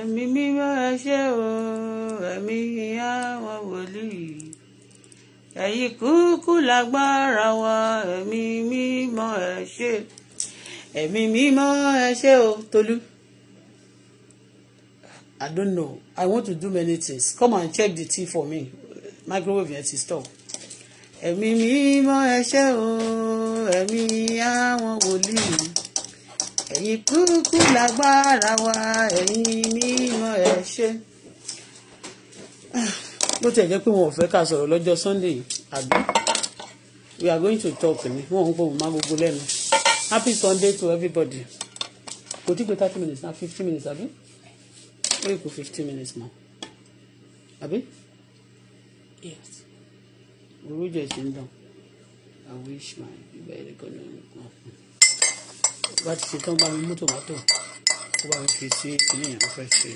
ẹ̀mí mímọ́ ẹ ṣé o ẹ̀mí àwọn wòlíì ẹ̀yin kúkú lágbára wa ẹ̀mí mímọ́ ẹ ṣé ẹ̀mí mímọ́ ẹ ṣé o Tolú. I don't know I want to do many things come and check the tea for me microwave yẹn ti stop. ẹ̀mí mímọ́ ẹ ṣé o ẹ̀mí àwọn wòlíì ẹ̀yin kúkú lágbára wa ẹ̀yin mímọ́ ẹ ṣé. bó tiẹ̀ jẹ́ pé wọn ò fẹ́ ká sọ̀rọ̀ lọ́jọ́ sunday àbí we are going to talk ni wọn ò ń gbóhùn má gbogbo lẹ́nu happy sunday to everybody kò tí pé thirty minutes na fifteen minutes àbí ó yẹ kó fifteen minutes mọ́ àbí. yes. orúkọ ẹ̀ ṣe ń dán i wish my baby could know bá ti ṣe tán bá mi mú tòmátò tó bá mi fi sí kíní yẹn fẹ́ ṣe.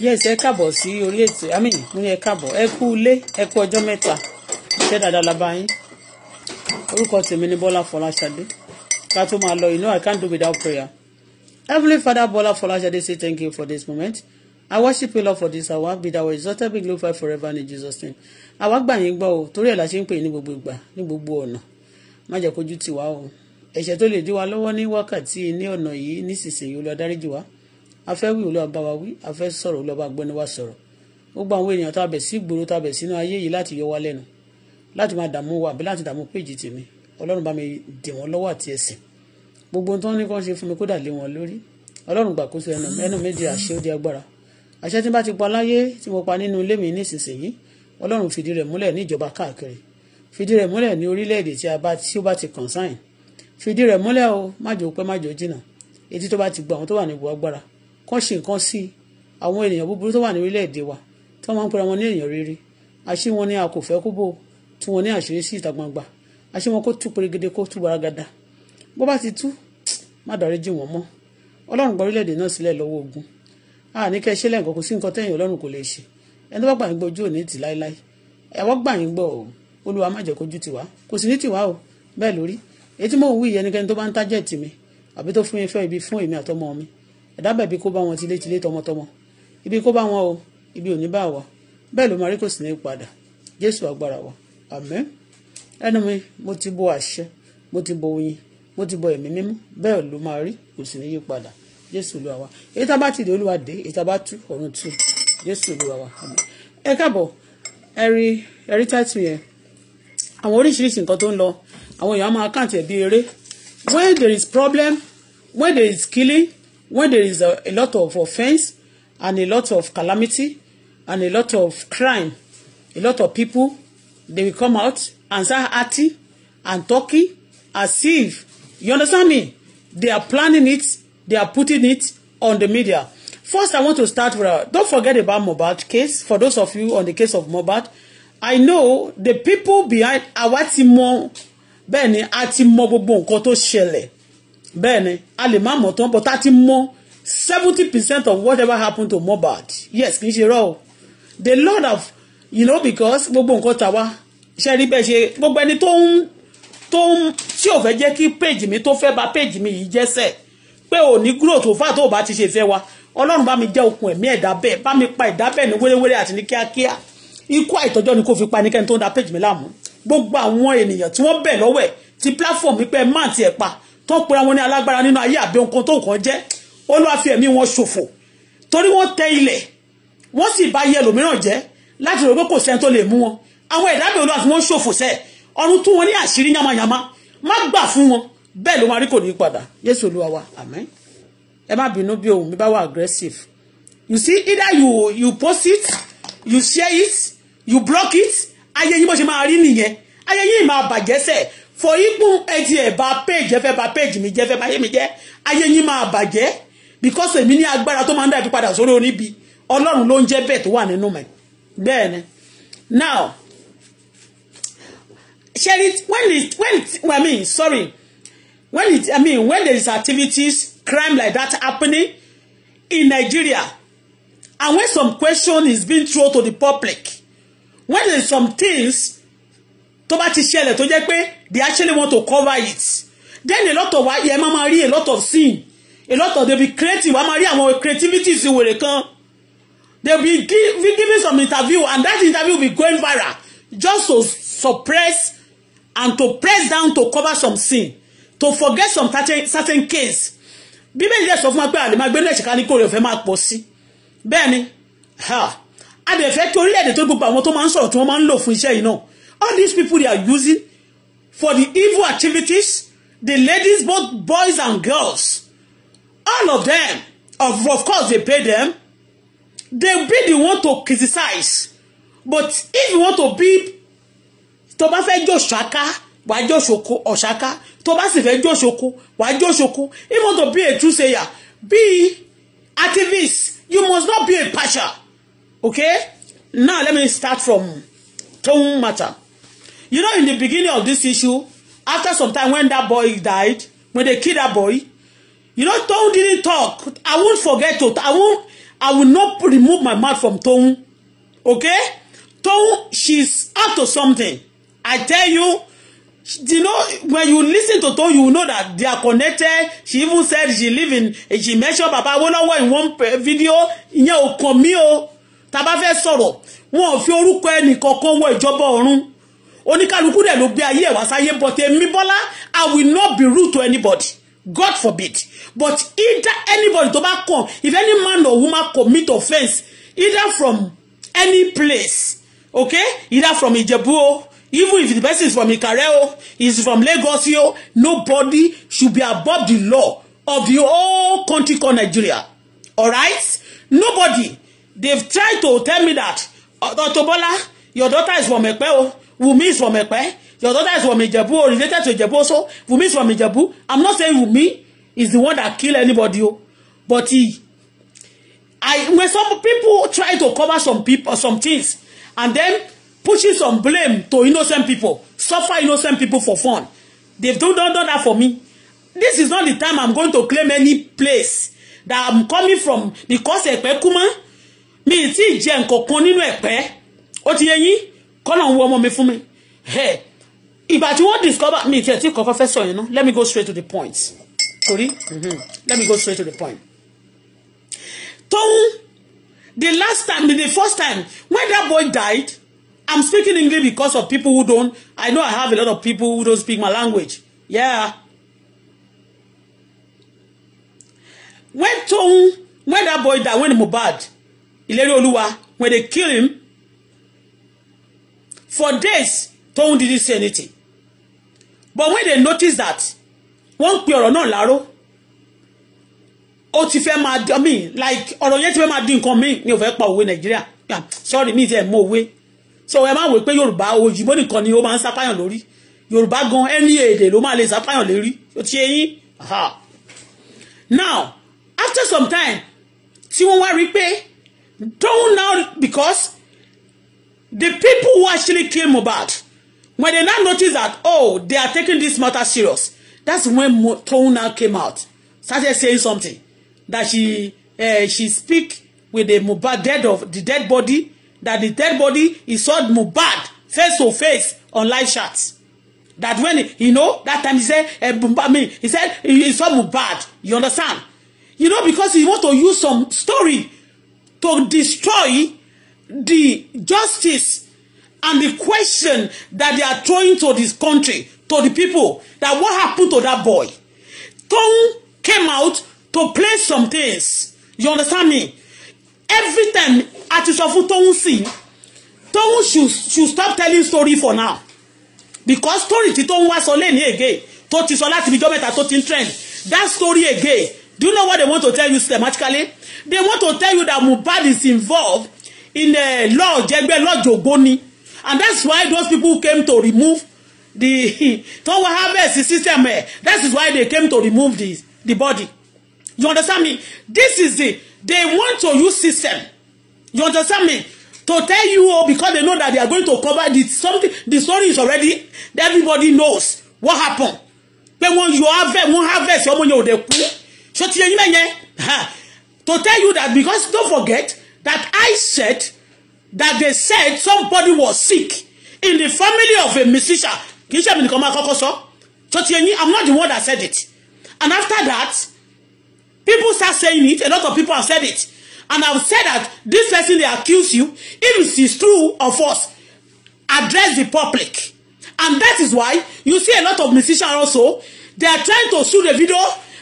yes ẹ káàbọ̀ sí orí ètò àmì mo ní ẹ káàbọ̀ ẹ kú ilé ẹ kú ọjọ́ mẹ́ta iṣẹ́ dáadáa la bá yín orúkọ tèmi ni Bọ́lá Fọláṣadé ká tó máa lọ you know I can't do without prayer heavenly father Bọ́lá Fọláṣadé say thank you for this moment I worship you Lord for this hour be thou exalted be glorified forever in Jesus name àwa gbà yín gbọ́ o torí ẹ̀ la ṣe ń pè ní gbogbo ìgbà ní gbogbo ọ̀nà má jẹ́ kójú tiwa o ẹ̀ṣẹ̀ tó lè dí wa lọ́wọ́ ní wákàtí ní ọ̀nà yìí nísinsìnyí Olúwa dáríjì wa afẹ́ wí Olúwa bá wa wí afẹ́ sọ̀rọ̀ Olúwa bá gbọ́ni wa sọ̀rọ̀ gbogbo àwọn ènìyàn tàbẹ̀ sí ìgboro tàbẹ̀ sínú ayé yìí láti yọ wa lẹ́nu láti máa dààmú wa àbí láti dààmú péjì tèmi Ọlọ́run bá mi dè wọ́n lọ́wọ́ àti ẹ̀sìn gbogbo ohun tó ń ní kó ṣe fún mi kó dà lé wọn lórí Ọlọ́run gbàkóso ẹnu ẹnu méje àṣẹ ó di agbára àṣẹ tí bá ti pa láyé tí mo pa nínú ilé mi nísinsìnyí fìdí rẹ̀ múlẹ̀ ní orílẹ̀-èdè tí ó bá ti consign fìdí rẹ̀ múlẹ̀ o májò pẹ́ májò jìnnà etí tó bá ti gba àwọn tó wà níbo agbára kán ṣe nǹkan sí àwọn ènìyàn búburú tó wà ní orílẹ̀-èdè wa tí wọ́n máa ń pera wọn ní ènìyàn rere àṣé wọn ni a kò fẹ́ kó bò tú wọn ní àṣírí sí ìta gbangba àṣé wọn kó tú perégedé kó tú baragada bó bá ti tú má dárí jì wọ́n mọ́ ọlọ́run gba orílẹ̀-èdè náà sílẹ̀ lọ́wọ́ ogun a ní kẹ́ ṣe lẹ́ǹkan kò sí nǹkan tẹ́yìn ọlọ́run kò lè ṣe ẹni tó bá gbà yín gbọ́ ojú ò tì láéláé ẹ̀wọ́ gbà yín gbọ́ o olúwa má tiwa kò sì ní tiwa o bẹ́ẹ̀ lórí etí mò ń wí ẹnikẹ́ni tó bá ń tájẹ̀tì mi àbí tó fún ìfẹ́ ibi fún èmi àtọmọ mi ẹ̀dá bẹ̀bí kó bá wọn tilétilé tọmọtọmọ ibi kó bá wọn o ibi ò ní bá wa bẹ́ẹ̀ ló máa rí kò sí ní padà jésù agbára wa àmín ẹnu mi mo ti bọ àṣẹ mo ti bọ oyin mo ti bọ ẹ̀mí mímú bẹ́ẹ̀ ló máa rí kò sí ní yí padà jésù olúwa wa èyí tá a bá ti dé olúwa dé èyí tá a bá tú ọ̀run tú jésù olúwa wa àmín ẹ káàbọ̀ ẹ̀rí ẹ̀rí táìtù yẹn àwọn oríṣiríṣi nǹkan tó ń lọ àwọn èèyàn máa kàn tẹ̀ bí eré when there is problem when there is killing when there is a, a lot of offence and a lot of calamity and a lot of crime a lot of people they will come out and start acting and talking as if you understand me they are planning it they are putting it on the media First, I want to start with, uh, don't forget about Mohbad case. For those of you on the case of Mohbad, I know the people behind àwa ti mọ bẹ́ẹ̀ ni a ti mọ gbogbo nǹkan tó ṣẹlẹ̀ bẹ́ẹ̀ ni a lè má mọ̀ tán but a ti mọ seventy percent of whatever happened to Mohbad yes kì í ṣe rọ o the lord of you know because gbogbo nǹkan tàwa ṣe rí bẹ́ẹ̀ ṣe gbogbo ẹni tó ń tó ń tí ò fẹ́ jẹ́ kí page mi tó fẹ́ ba page mi yìí jẹ́sẹ̀ pé ò ní growth òfà tó o bá ti ṣe fẹ́ wa ọlọ́run bá mi jẹ́ okun ẹ̀mí ẹ̀dá bẹ́ẹ̀ bá mi pa ẹ̀dá bẹ́ẹ̀ ní wéréwéré àti ní kíákíá ikú àìtọ́jọ́ ni kò fi pa ẹnikẹ́ni tó ń da page mi láàmú gbogbo àwọn ènìyàn tí wọ́n bẹ̀ lọ́wọ́ ẹ̀ ti platform pé ẹ má ti ẹ̀ pa tó ń pera wọn ní alágbára nínú ayé àbí nǹkan tó nǹkan jẹ́ olúwa fi ẹ̀mí wọn ṣòfò torí wọ́n tẹ ilẹ̀ wọ́n sì bà iye ẹlòmíràn jẹ́ láti rò pé kò sẹ́ni tó lè mú wọn àwọn ẹ̀dá mi olúwa fi wọ́n ṣòfò sẹ́ ọ̀run tú wọn ní àṣírí yamayama má gbà fún wọn bẹ́ẹ̀ ló máa rí kò ní padà yéṣu olúwa wa àmín ẹ má you see either you you post it you share it you block it ayé yín bó ṣe máa rí nìyẹn ayé yín máa bàjẹ́ sẹ̀ for ikú ẹtì ẹ̀ bá page ẹ̀fẹ́ bá page mi jẹ́ fẹ́ bá yé mi jẹ́ ayé yín máa bàjẹ́ because èmi ní agbára tó máa ń dàbí padà sórí oníbi ọlọ́run ló ń jẹ́ bẹ́ẹ̀ tó wà nínú mi bẹ́ẹ̀ ni now sherry when it when it well, I mean sorry when it I mean when there is activities crime like that happening in Nigeria and when some question is being thrown to the public when there is some things tó bá ti ṣẹlẹ̀ tó jẹ́ pé they actually want to cover it then a lot of yẹ máa máa rí a lot of sin a lot of they be creative wàá máa rí àwọn creativities wèrè kan they be give be giving some interview and that interview be going viral just to suppress and to press down to cover some sin to forget some certain, certain case bíbélì dẹ̀ sọ fún wa pé àlè máa gbé ní ẹ̀ṣẹ̀ká ní kórè ọ̀fẹ́ máa pọ̀ sí bẹ́ẹ̀ ni ha a fẹ́ kí orílẹ̀-èdè tó gbogbo àwọn tó máa ń sọ̀rọ̀ tí wọ́n máa ń lò fún iṣẹ́ yìí náà all these people they are using for the evil activities the ladies both boys and girls all of them of, of course they pay them they be the one to criticize but if you want to be tó bá fẹ́ jó ṣáká wàá jó ṣoko ọ̀ṣáká tó bá sì fẹ́ jó ṣoko wàá jó ṣoko if you want to be a true sayer be activist you must not be a partial Okay? Now let me start from tone matter. You know, in the beginning of this issue, after some time when that boy died, when they killed that boy, you know, Tone didn't talk. I won't forget to. I won't. I will not remove my mouth from Tone. Okay? Tone, she's up to something. I tell you, you know, when you listen to Tone, you know that they are connected. She even said she live in, she mentioned Baba Awolowo in one video. Ìyẹn ò kàn mí o tá fẹ́ sọ̀rọ̀ wọn fi orúkọ ẹnì wọ ìjọba ọ̀run oníkálukú dẹ̀ ló gbé ayé ẹ̀ sáyé but èmi Bọ́lá I will not be rude to anybody God forbid but either anybody tó bá kàn if any man or woman commit offence either from any place okay either from Ijebu o even if the person is from Ikare o is from Lagos o nobody should be above the law of the whole country called Nigeria alright nobody they've tried to tell me that Auto uh, your daughter is from Epe o Wumi is from Epe your daughter is from Ijebu o related to Ijebu also Wumi is from Ijebu I'm not saying Wumi is the one that kill anybody o but he I when some people try to cover some people uh, some things and then pushing some blame to innocent people suffer innocent people for fun they've done, done, done that for me this is not the time I'm going to claim any place that I'm coming from because Epe Kuma mi ì tí ì jẹ nǹkan kan nínú ẹ̀pẹ́ ó ti yẹ yín kọ́nà ń wo ọmọ mi fún mi ìgbà tí wọ́n discover mi ìtì ẹ̀tí kọ́kọ́ fẹ́ sọ yẹn náà let me go straight to the point torí mhm, let me go straight to the point tóun the last time the first time when that boy died I'm speaking English because of people who don't I know I have a lot of people who don't speak my language yeah when tóun when that boy died when Mohbad ìlérí olúwa when they kill him for days Toun didn't say anything but when they notice that wọ́n ń pe ọ̀rọ̀ náà láró ó ti fẹ́ máa I mean like ọ̀rọ̀ yẹn ti fẹ́ máa di nǹkan míì mi ò fẹ́ pa òwe nàìjíríà sorry mi ti ẹ̀ mọ òwe so ẹ máa wò pé yorùbá òyìnbó nìkan ni ó máa ń sápáyàn lórí yorùbá gan ẹni èdè ló máa lè sápáyàn lérí ó ti eyín now after some time tí wọ́n wá rí pé don't now because the people who actually kill Mohbad when they now notice that oh they are taking this matter serious that's when Toun now came out started saying something that she uh, she speak with the Mohbad dead of the dead body that the dead body he saw Mohbad face to face on live chat that when he, you know that time he said uh, I mean he said he saw Mohbad you understand you know because he want to use some story to destroy the justice and the question that they are throwing to this country, to the people, that what happened to that boy. Tongue came out to play some things. You understand me? Every time, Ati Sofu fún see sí, should, should stop telling story for now. Because story tí Tóun wá sọ lẹ́ni again, tó ti sọ láti ibi jọ́ mẹ́ta tó ti trend. That story again Do you know what they want to tell you systematically? They want to tell you that Mubad is involved in the uh, law Jegbe law Jogoni. And that's why those people came to remove the Tower Harvest system. Eh? That is why they came to remove the, the body. You understand me? This is it. They want to use system. You understand me? To tell you all oh, because they know that they are going to cover the something. The story is already everybody knows what happened. They want yọ harvest, wọ́n harvest your money ò they. kú so ti eyín mẹ́yẹn to tell you that because don't forget that I said that they said somebody was sick in the family of a musician kì í ṣe èmi nìkan máa sọ so ti eyín I'm not the one that said it and after that people start saying it a lot of people have said it and I've said that this person dey accuse you if it is true or false address the public and that is why you see a lot of musicians also they are trying to shoot a video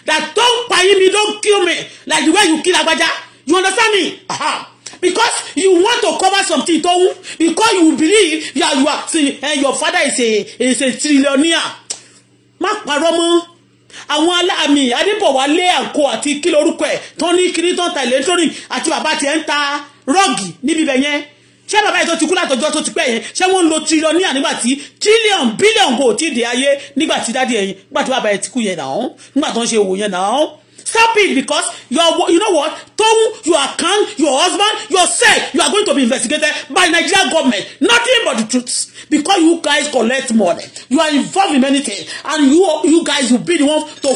that don't pay me don't kill me like the way you kill agbaja you understand me aha because you want to cover something don't. because you believe you are you are see and eh, your father is a is a trillionaire má parọ́ mọ́ àwọn aláàmì adébọ̀wálé àǹkó àti kí lorúkọ ẹ̀ tó ní kiri tó ń ta electronic àti bàbá tiẹ̀ ń ta rọ́ọ̀gì níbi ibẹ̀ ṣé bàbá yìí tó ti kú látọjọ́ tó ti pẹ́ yẹn ṣé wọ́n ń lo tirọníà nígbà tí tírílíọ̀n bílíọ̀n kò tí ì dé ayé nígbà tí dádì ẹ̀yìn nígbà tí bàbá yẹn ti kú yẹn náà nígbà tó ń ṣe òwò yẹn náà stop it because your you know what Tohun your account your husband your yourself you are going to be investigated by Nigeria government nothing but the truth because you guys collect money you are involved in many things and you you guys will be the ones to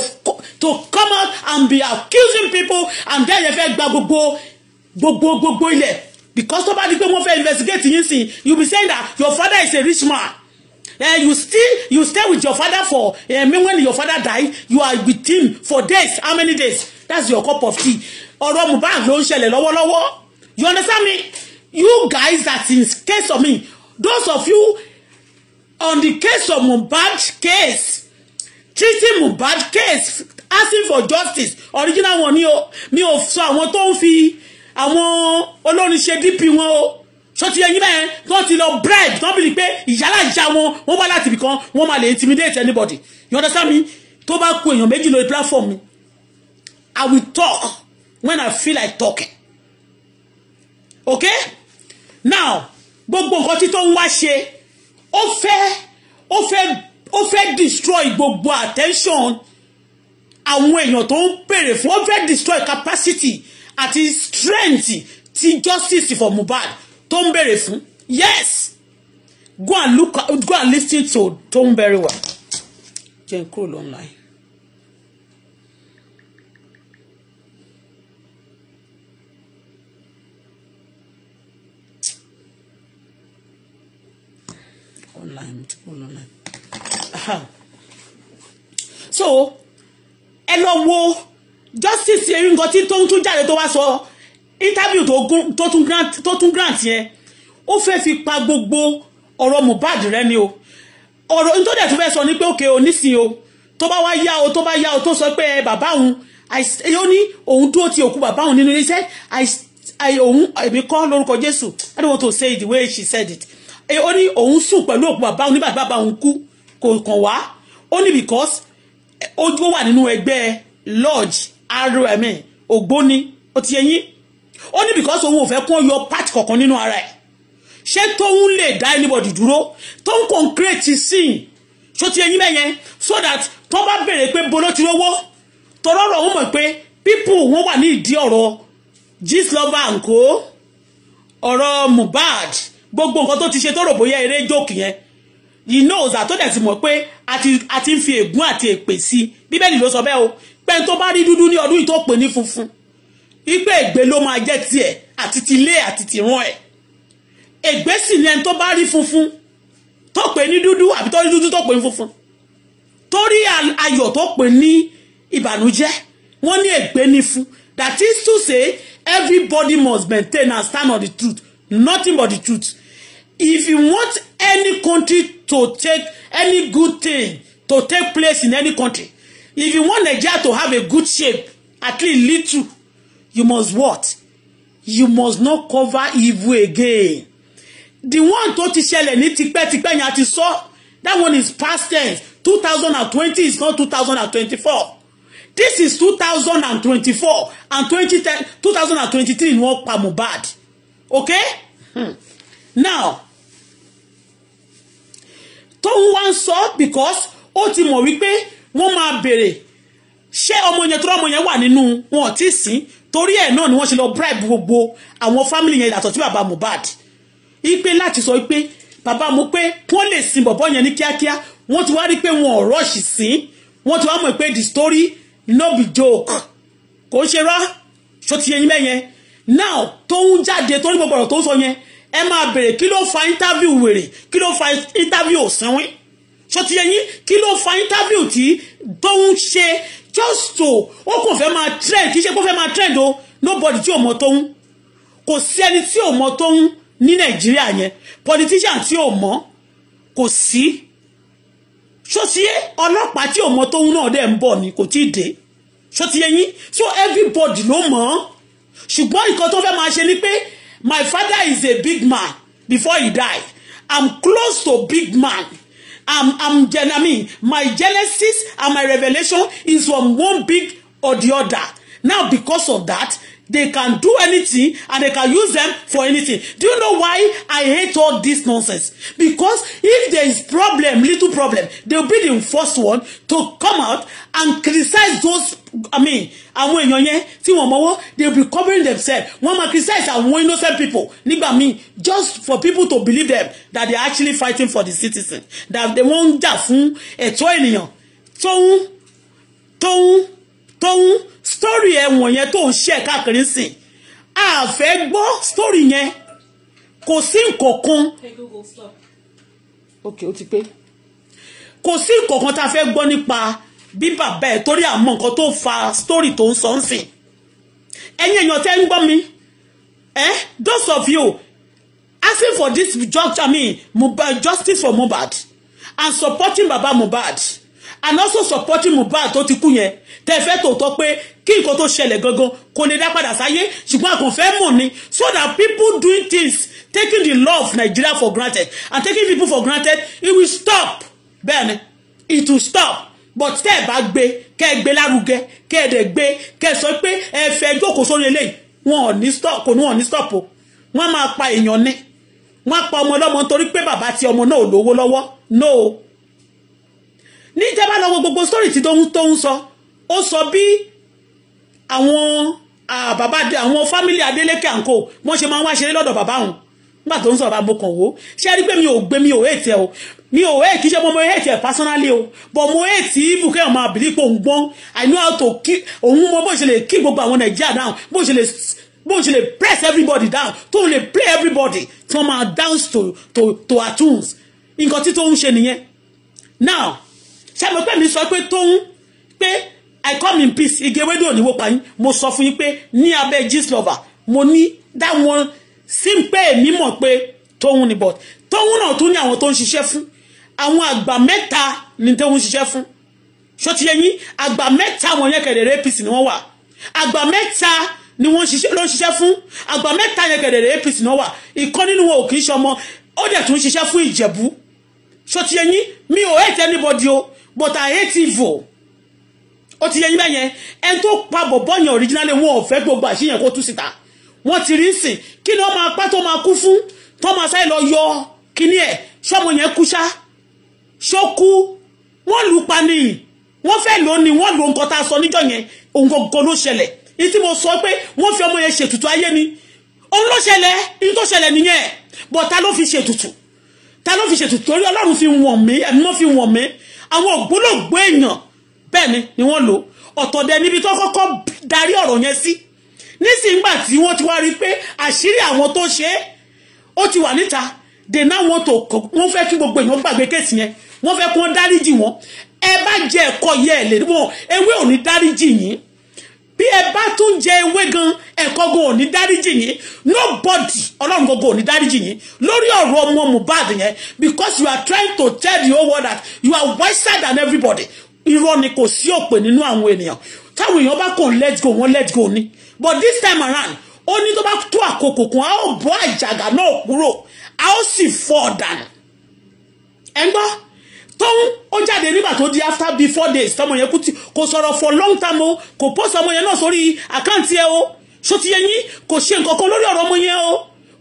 to come out and be accusing people and then they fẹ́ gba gbogbo gbogbo gbogbo ilẹ̀ because nobody bá di pé wọ́n fẹ́ investigate yín sìn you be saying that your father is a rich man uh, you still you stay with your father for uh, eh, mean when your father die you are with him for days how many days that's your cup of tea ọ̀rọ̀ Mohbad ló ń ṣẹlẹ̀ lọ́wọ́lọ́wọ́ you understand me you guys that in case of me those of you on the case of Mohbad case treating Mohbad case asking for justice original one, ni o mi ò sọ àwọn tó ń fi àwọn olórin ṣe dp wọn o ṣó ti yẹyin bẹ́ẹ̀ tó ti lọ bribe tó bìrì pé ìyálà ìjà wọn wọ́n wá láti ibìkan wọ́n máa lè intimidate anybody you understand me tó bá kù èèyàn méjì lórí platform mi I will talk when I feel like talking okay now gbogbo nǹkan tí tó ń wá ṣe ó fẹ́ ó fẹ́ ó fẹ́ destroy gbogbo attention àwọn èèyàn tó ń béèrè fún ó fẹ́ destroy capacity àti strength ti justice for Mohbad tó ń bèrè fún yes go and look go and listen to Toun very well jẹ́ n kúrò online. online online. so ẹ lọ wo justice erin nǹkan tí tó ń tún jáde tó wá sọ interview tó tún grant yẹn ó fẹ́ fi pa gbogbo ọ̀rọ̀ Mohbad rẹ ni o ọ̀rọ̀ n tó dẹ̀ tún fẹ́ sọ ni pé òkè o nísìn o tó bá wá yá o tó bá yá o tó sọ pé bàbá òun ó ní òun dúró ti òkú bàbá òun nínú iṣẹ́ òun èmi kọ́ lórúkọ Jésù I don't want to say the way she said it ó ní òun sùn pẹ̀lú òkú bàbá òun nígbà tí bàbá òun kú kò kàn wá ó ní because ó wà nínú ẹgbẹ́ lodge aró ẹ̀mí ògbóni ó ti ẹ̀yìn ó ní because òun ò fẹ́ kún ọyọ part kọ̀ọ̀kan nínú ara ẹ̀ ṣé tóun lè dá anybody dúró tóun kàn create sin ṣó ti ẹ̀yìn bẹ́yẹn so that tó bá bèrè pé bolo ti rówó tọrọrọ òun mọ̀ pé people wọn wà ní ìdí ọ̀rọ̀ Gistlover and co ọ̀rọ̀ Mohbad gbogbo nǹkan tó ti ṣe tó rò bóyá eré jókì yẹn you know ọ̀sà tó dẹ̀ ti mọ̀ pé a ti ń fi ègún àti èpè sí bíbélì ló sọ bẹ́ẹ̀ o pẹ́ni tó bá rí dúdú ní ọdún yìí tó pè ní funfun ipe ègbé ló máa jẹ́ tiẹ̀ àti ti ilé àti ti rán ẹ̀ ègbé sì ni ẹni tó bá rí funfun tó pè ní dúdú àbí tó rí dúdú tó pè ní funfun torí ayọ̀ tó pè ní ìbànújẹ́ wọ́n ní ègbé ní fún that is to say everybody must maintain and stand on the truth nothing but the truth if you want any country to take any good thing to take place in any country if you want Nigeria to have a good shape at least little you must what you must not cover evil again the one tó ti ṣẹlẹ̀ ní tipẹ́tipẹ́ yẹn a sọ that one is past tense two thousand and twenty is not two thousand and twenty-four this is two thousand and twenty-four and twenty two thousand and twenty-three ni wọ́n pa Mohbad okay hmm. now tóun wá ń sọ because ó ti mọ̀ wípé wọ́n máa béèrè ṣé ọmọ yẹn tó ọmọ yẹn wà nínú wọn ò tí sìn torí ẹ̀ náà ni wọ́n ṣe lọ bribe gbogbo àwọn family yẹn yàtọ̀ sí bàbá Mohbad ipe láti sọ pé bàbá mo pé wọ́n lè sin bọ̀bọ̀ yẹn ní kíákíá wọ́n ti wá rí pé wọn ò rọ́ọ̀ṣì sí wọ́n ti wá mọ̀ pé the story no be joke kò ṣe rá ṣó ti yẹyin mẹ́yẹn now tó ń jáde tó ní gbogbo ọ̀rọ̀ tó ń sọ yẹn ẹ máa bèrè kí ló fa interview wèrè kí ló fa interview òsínwín ṣó ti yẹ yín kí ló fa interview tí tó ń ṣe just to ó kò fẹ́ máa trend kì í ṣe kó fẹ́ máa trend o nobody tí ò mọ tó ń kò sí ẹni tí ò mọ tó ń ní nàìjíríà yẹn politician tí ò mọ kò sí ṣó ti yẹ ọlọ́pàá tí ò mọ tó ń náà dẹ̀ ń bọ̀ ni kò tí ì dé ṣó ti yẹ yín so everybody ló mọ̀ ọ́ ṣùgbọ́n nǹkan tó fẹ́ máa ṣe ni pé my father is a big man before he die i'm close to big man I'm, I'm, I mean, my jealousies and my revelation is from one big or the other. Now, because of that, They can do anything and they can use them for anything. Do you know why I hate all this nonsense? Because if there is problem, little problem, they'll be the first one to come out and criticize those, I mean, àwọn èèyàn yẹn tí wọ́n mọ́wọ́, they'll be covering themselves. Wọ́n máa criticize àwọn innocent people nígbà míì just for people to believe them that they're actually fighting for the citizen, that they wọ́n ń jà fún ẹ̀tọ́ ènìyàn tóun tóun tóun story ẹ̀wọ̀n yẹn tó ń ṣe káàkiri sìn a fẹ́ gbọ́ story yẹn kò sí nǹkankan ok ó ti pé kò sí nǹkankan tá a fẹ́ gbọ́ nípa bí bàbá ẹ̀ torí àmọ́ nǹkan tó fa story tó ń sọ ń sìn ẹ̀yin èèyàn tẹ́ ń gbọ́ mi eh those of you asking for this job I mean justice for Mohbad and supporting baba Mohbad and also supporting Mohbad tó ti kú yẹn tẹ́ fẹ́ tòótọ́ pé kí nǹkan tó ṣẹlẹ̀ gangan kò lè dá padà sáyé ṣùgbọ́n àkànfẹ́ mọ̀ ni so that people doing things taking the law of Nigeria for granted and taking people for granted it will stop bẹ́ẹ̀ ni it will stop but tẹ́ ẹ bá gbé kẹ́ ẹ gbé lárugẹ kẹ́ ẹ dẹ̀ gbé kẹ́ ẹ sọ pé ẹ fẹ́ jókòó sórí eléyìí wọn ò ní stop kò ní wọn ò ní stop o wọ́n máa pa èèyàn ní wọ́n á pa ọmọ ọlọ́mọ torí pé bàbá ti ọmọ náà ò lówó lọ́wọ́ no ní tẹ́ bá lọ wo gbogbo story tí tóun tóun sọ ó sọ bí àwọn bàbá àwọn fámìlì Adeleke àǹkó wọ́n ṣe máa ń wá ṣeré lọ́dọ̀ bàbá àwọn nígbà tó ń sọ̀rọ̀ àbò kan wò ṣé rí pé mi ò gbé mi ò hate ẹ o mi ò hate kí ṣe mo mo hate ẹ personally o but mo hate ibù kẹ́hìn máa bìlí pé òun gbọ́n i know how to kí òun mo bó ṣe lè kí gbogbo àwọn nàìjíríà down bó ṣe lè bó ṣe lè press everybody down tó lè play everybody tí wọ́n máa dance to to to her tunes nǹkan tí tó ń ṣe nìyẹn now ṣé mo pé mi sọ pé tóun pé i come in peace igi ewédò òníwó pa yín mo sọ fún yín pé ní abẹ́ gist lover mo ní dáwọn sí pé èmi mọ̀ pé tóun ni but tóun náà tún ní àwọn tó ń ṣiṣẹ́ fún àwọn àgbà mẹ́ta ni tóun ṣiṣẹ́ fún ṣó ti yé yín àgbà mẹ́ta wọn yẹn kẹ̀dẹ̀rẹ́ apc ni wọ́n wà àgbà mẹ́ta ni wọ́n ló ń ṣiṣẹ́ fún àgbà mẹ́ta yẹn kẹ̀dẹ̀rẹ́ apc náà wà ìkan nínú wọn ò kì í ṣọmọ ó dẹ̀ tún ṣiṣẹ́ fún ìjẹ̀bú ṣó yín mi ò hate anybody o but I hate evil ó ti yẹ yín bẹ́yẹn ẹni tó pa bọ̀bọ́ yẹn originally wọn ò fẹ́ gbogbo àṣeyàn kó tú síta wọ́n ti rí sìn kí ni wọ́n máa pá tó máa kú fún tó máa sáré lọ yọ kíní ẹ̀ ṣọ́mọ yẹn kú ṣá ṣó kú wọ́n lù pa ni wọ́n fẹ́ lò ó ni wọ́n lò nǹkan tá a sọ níjọ́ yẹn òun gangan ló ṣẹlẹ̀ ní tí mo sọ pé wọ́n fi ọmọ yẹn ṣètùtù ayé ni òun ló ṣẹlẹ̀ ní tó ṣẹlẹ̀ nìyẹn bọ̀ ta ló fi ṣètùtù ta ló fi ṣètùtù torí ọlọ́run fi wọ̀n mí ẹ̀mí mọ́ fi wọ̀n mí àwọn ògbólógbó èèyàn bẹ́ẹ̀ ni ni wọ́n lò ọ̀tọ̀ dẹ níbi tó kọ́kọ́ darí ọ̀rọ̀ yẹn sí nísìngbà tí wọ́n ti wá rí pé àṣírí àwọn tó ṣe é ó ti wà níta they now want to wọ́n fẹ́ kí gbogbo èèyàn gbàgbé kéèsì yẹn wọ́n fẹ́ kí wọ́n dáríjì wọn ẹ bá jẹ ẹ̀kọ́ yẹ ẹ̀ lè wọn ewé ò dáríjì yín bí ẹ bá tún jẹ ewé gan ẹ̀kọ́ gan ò ní dáríjì yín nobody ọlọ́run gbogbo ò ní dáríjì yín lórí ọ̀rọ̀ ọmọ Mohbad yẹn because you are trying to tell the whole world that you are wiser than everybody irọ́ ni kò sí òpè nínú àwọn ènìyàn táwọn èèyàn bá kàn let go wọn let go ni but this time around ó ní tó bá tó àkókò kan a ó bọ́ àjàgà náà kúrò a ó sì fọ́ ọ̀dànù ẹ̀ ń gbọ́ tóun ó jáde nígbà tó di after bíi four days tọmọ yẹn kò sọ̀rọ̀ for long time o kò post ọmọ yẹn náà sórí àkáǹtì ẹ o ṣó ti yẹ yín kò ṣe nǹkan kan lórí ọ̀rọ̀ ọmọ yẹn o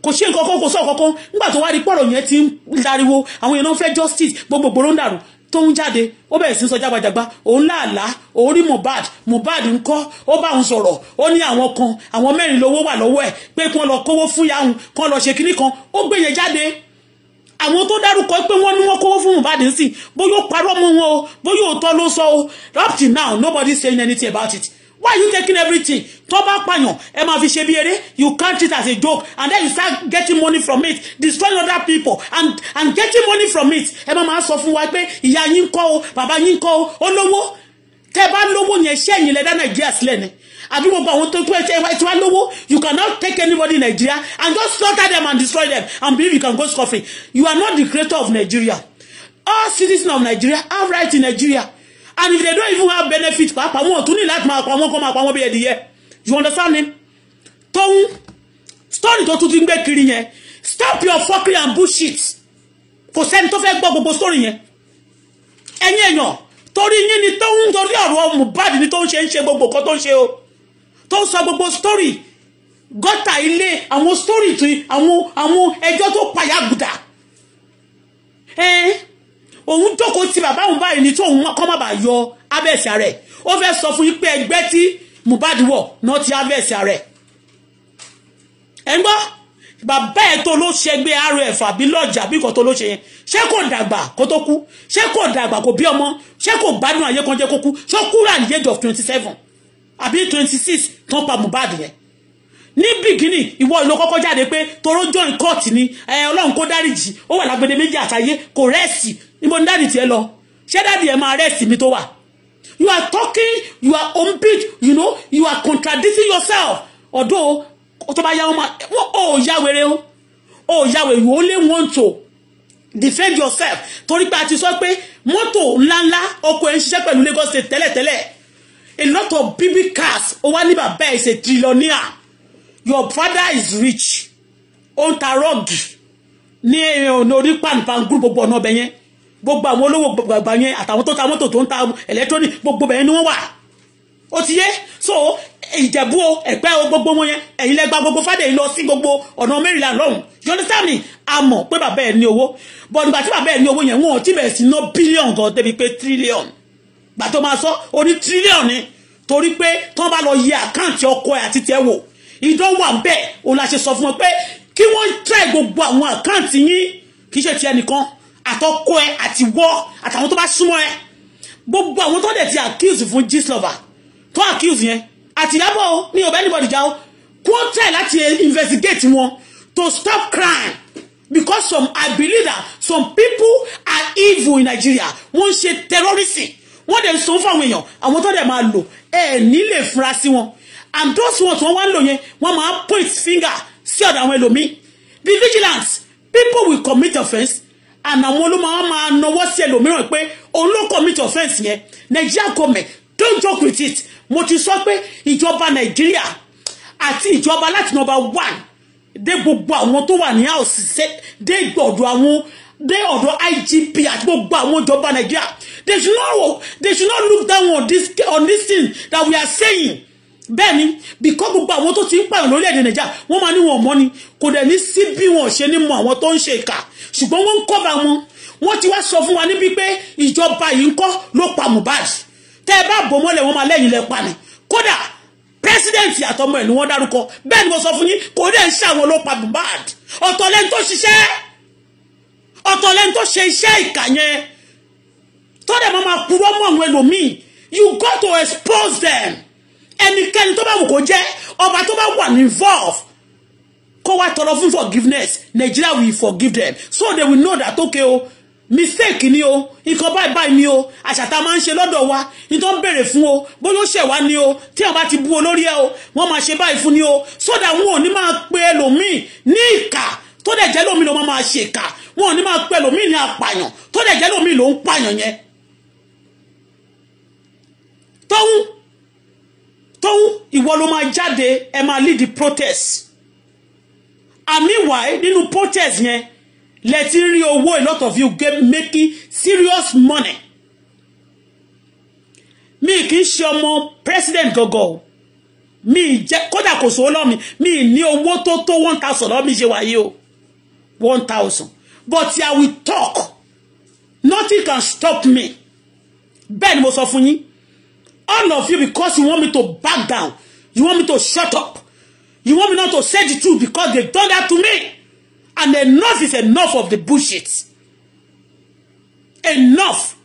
kò ṣe nǹkan kan kò sọ nǹkan kan nígbà tó wá rí pọ̀rọ̀ yẹn ti ń dariwo àwọn yẹn náà fẹ́ justice gbogbo gbòòrò ń dàrú tó ń jáde ó bẹ̀rẹ̀ sí sọ jágbajàgba òun láàlá òun rí Mohbad Mohbad ń kọ́ ó bá òun sọ̀rọ̀ ó ní àwọn kan àwọn mẹ́rin lówó wà lọ́wọ́ ẹ̀ pé kí wọ́n lọ kówó fún yahun kí wọ́n lọ ṣe kinní kan ó gbé yẹn jáde àwọn tó dárúkọ pé wọ́n ní wọ́n kówó fún Mohbad sí bóyá ó parọ́ mọ́ wọn o bóyá òótọ́ ló sọ o up till now nobody saying anything about it why are you taking everything tó bá pààyàn ẹ máa fi ṣe bí eré you count it as a joke and then you start getting money from it destroying other people and and getting money from it ẹ máa máa sọ fún wa pé ìyá yín kọ́ o bàbá yín kọ́ o olówó tẹ́ bá lówó yẹn ṣẹ́yìn lẹ́dá Nàìjíríà sílẹ̀ ni àbí gbogbo àwọn tó pé ẹ ti wá lówó you cannot take anybody in Nigeria and just slaughter them and destroy them and believe you can go scoffing you are not the creator of Nigeria all citizens of Nigeria have right in Nigeria and if they don't even have benefit pàápàá wọn ò tún ní láti máa pa wọn kọ́ máa pa wọn bí ẹdìyẹ you understand me tóun story tó tún ti gbé kiri yẹn stop your fuckery and bullshit kò sẹ́ni tó fẹ́ gbọ́ gbogbo story yẹn ẹ̀yin èèyàn torí yín ni tó ń torí ọ̀rọ̀ Mohbad ni tó ń ṣe ń ṣe gbogbo nǹkan tó ń ṣe o tó sọ gbogbo story gọ́tà ilé àwọn story tí àwọn àwọn ẹjọ́ tó payá gùdà ẹ òun jókòó ti bàbá òun báyìí ni tí òun kọ́ má bàa yọ abẹ́ẹ̀sì rẹ̀ ó fẹ́ sọ fún yín pé ẹgbẹ́ tí Mohbad wọ̀ náà ti abẹ́ẹ̀sì rẹ̀ ẹ ń gbọ́ bàbá ẹ̀ tó ló ṣe gbé rf àbí lọ́jà bí nǹkan tó ló ṣe yẹn ṣé kò dàgbà kó tó kú ṣé kò dàgbà kò bí ọmọ ṣé kò gbádùn ayé kan jẹ́ kó kú ṣó kúrò at the age of twenty seven àbí twenty six tán pa Mohbad yẹn ní bìgínì ìwọ ìlú kọ́kọ́ jáde pé toró join court ni ẹ Ọlọ́run kó dáríjì ó wà lágbede méjì àtàyé kò rẹ́ẹ̀sì níbo ní dáàdì tiẹ̀ lọ ṣé dáàdì ẹ̀ máa rẹ́ẹ̀sì mi tó wà you are talking you are unbid you know you are contradicting yourself although tó bá yá wọn máa ó yá wèrè o ó yá wèrè you only want to defend yourself torí pé a ti sọ pé mọ́tò ńláńlá ọkọ̀ ẹ̀ ń ṣiṣẹ́ pẹ̀lú Lagos State tẹ́lẹ̀tẹ́lẹ̀ a lot of big cars ó wá ní bàbá ẹ̀ trillionaire your father is rich On ń ta rọ́ọ̀gì ní eh, orí panpan group gbogbo ọ̀nà ọbẹ̀ yẹn gbogbo àwọn olówó gbàgbà yẹn àtàwọn tó ta mọ́tò tó ń ta electronic gbogbo bẹ̀yẹn ni wọ́n wà ó ti yé so ìjẹ̀bú o ẹ̀pẹ́ o gbogbo wọn yẹn ẹ̀yin lẹ́gbàá gbogbo fàdé lọ sí gbogbo ọ̀nà Maryland lọ́hùn you understand me a mọ̀ pé bàbá ẹ̀ ní owó but nígbà tí bàbá ẹ̀ ní owó yẹn wọn ò tí bẹ̀rẹ̀ sí ná bílíọ̀n gan débi pé tírílíọ̀n gbà tó máa sọ oní tírílíọ̀nù ni torí pé tó bá lọ yẹ àkáǹtì ọkọ ẹ̀ àti tẹ̀ wò ìdán wà bẹ́ẹ̀ òun la ṣe sọ fún wọn pé kí wọ́n tẹ̀ gbogbo àwọn àkáǹtì yín kì í ṣe ti ẹnìkan àtọkọ ẹ àti wọ àtàwọn tó bá súnmọ́ ẹ gbogbo àwọn tó dẹ̀ ti accuse fún Gistlover tó accuse yẹn àtìyábọ̀ ní ọ̀bẹ anybody jà ó kó tẹ̀ investigate wọn to stop crime because some I believe that some people are evil in Nigeria wọ́n ṣe terrorism wọ́n dẹ̀ ń san fún àwọn èèyàn àwọn tó dẹ̀ máa lò ẹ̀ nílè fura sí wọn and those ones wọ́n wá ń lò yẹn wọ́n máa point finger sí ọ̀dọ̀ àwọn ẹlòmíì be vigilant people will commit offence and àwọn ló máa máa nawọ́ sí ẹlòmíràn pé òun ló commit offence yẹn Nigeria goment don't joke with it mo ti sọ pé ìjọba Nàìjíríà àti ìjọba láti number one dé gbogbo àwọn tó wà ní house ṣe dé gbọ̀dọ̀ àwọn dé ọ̀dọ̀ IGP àti gbogbo àwọn ìjọba Nàìjíríà they should not they should not look down on this on this thing that we are saying bẹ́ẹ̀ ni bìkọ́ gbogbo àwọn tó ti ń pààyàn lórílẹ̀‐èdè Nàìjíríà wọ́n máa ní wọn mọ́ ni kò dẹ̀ ní sí bí wọn ò ṣe ní mọ àwọn tó ń ṣe ìkà ṣùgbọ́n wọ́n ń kọ́ba wọn wọ́n ti wá sọ fún wa níbi pé ìjọba yìí ń kọ́ ló pa Mohbad tẹ́ ẹ bá bò mọ́lẹ̀ wọn máa lẹ́yìn lẹ́pa ni kódà pẹ́sidẹ̀ntì àtọmọ ẹ̀ ni wọ́n dárúkọ bẹ́ẹ̀ ni mo sọ fún yín kò dẹ̀ ń ṣàwọn ló pa Mohbad ọ̀tọ̀ lẹ́ni tó ṣiṣẹ́ ọ̀tọ̀ lẹ́ni tó ṣe iṣẹ́ ìkà yẹn tó dẹ̀ máa máa purọ́ mọ́ àwọn ẹlòmíì you got to expose them ẹnikẹ́ni tó bá wù kó jẹ́ ọba tó bá wà involved kó wá tọrọ fún forgiveness Nigeria will forgive them so they will know that okay o mistake ni o nǹkan báyìí báyìí ni o àṣàtà máa ń ṣe lọ́dọ̀ wa ní tó ń béèrè fún o bóyá ó ṣẹ̀wá ni o tí àwọn bá ti bú olórí ẹ o wọ́n máa ṣe báyìí fún ni o so that wọn ò ní máa pe ẹlòmíì ní ìkà tó dẹ̀ jẹ́ lómi ló máa máa ṣe kà wọn ò ní máa pẹ́ lómi ní apààyàn tó dẹ̀ jẹ́ lómi ló ń pààyàn yẹn tóun tóun ìwọ ló máa jáde ẹ máa lead the protest and meanwhile nínú protest yẹn lẹ ti rí owó a lot of you get making serious money mi kì í ṣe ọmọ president gọgọ mi jẹ kódà kò sówó lọ́mi mi ní owó tó tó one thousand lọ́mi ṣe wáyé o one thousand but I will talk nothing can stop me bẹ́ẹ̀ ni mo sọ fún yín all of you because you want me to back down you want me to shut up you want me not to say the truth because they done that to me and enough is enough of the bullshit enough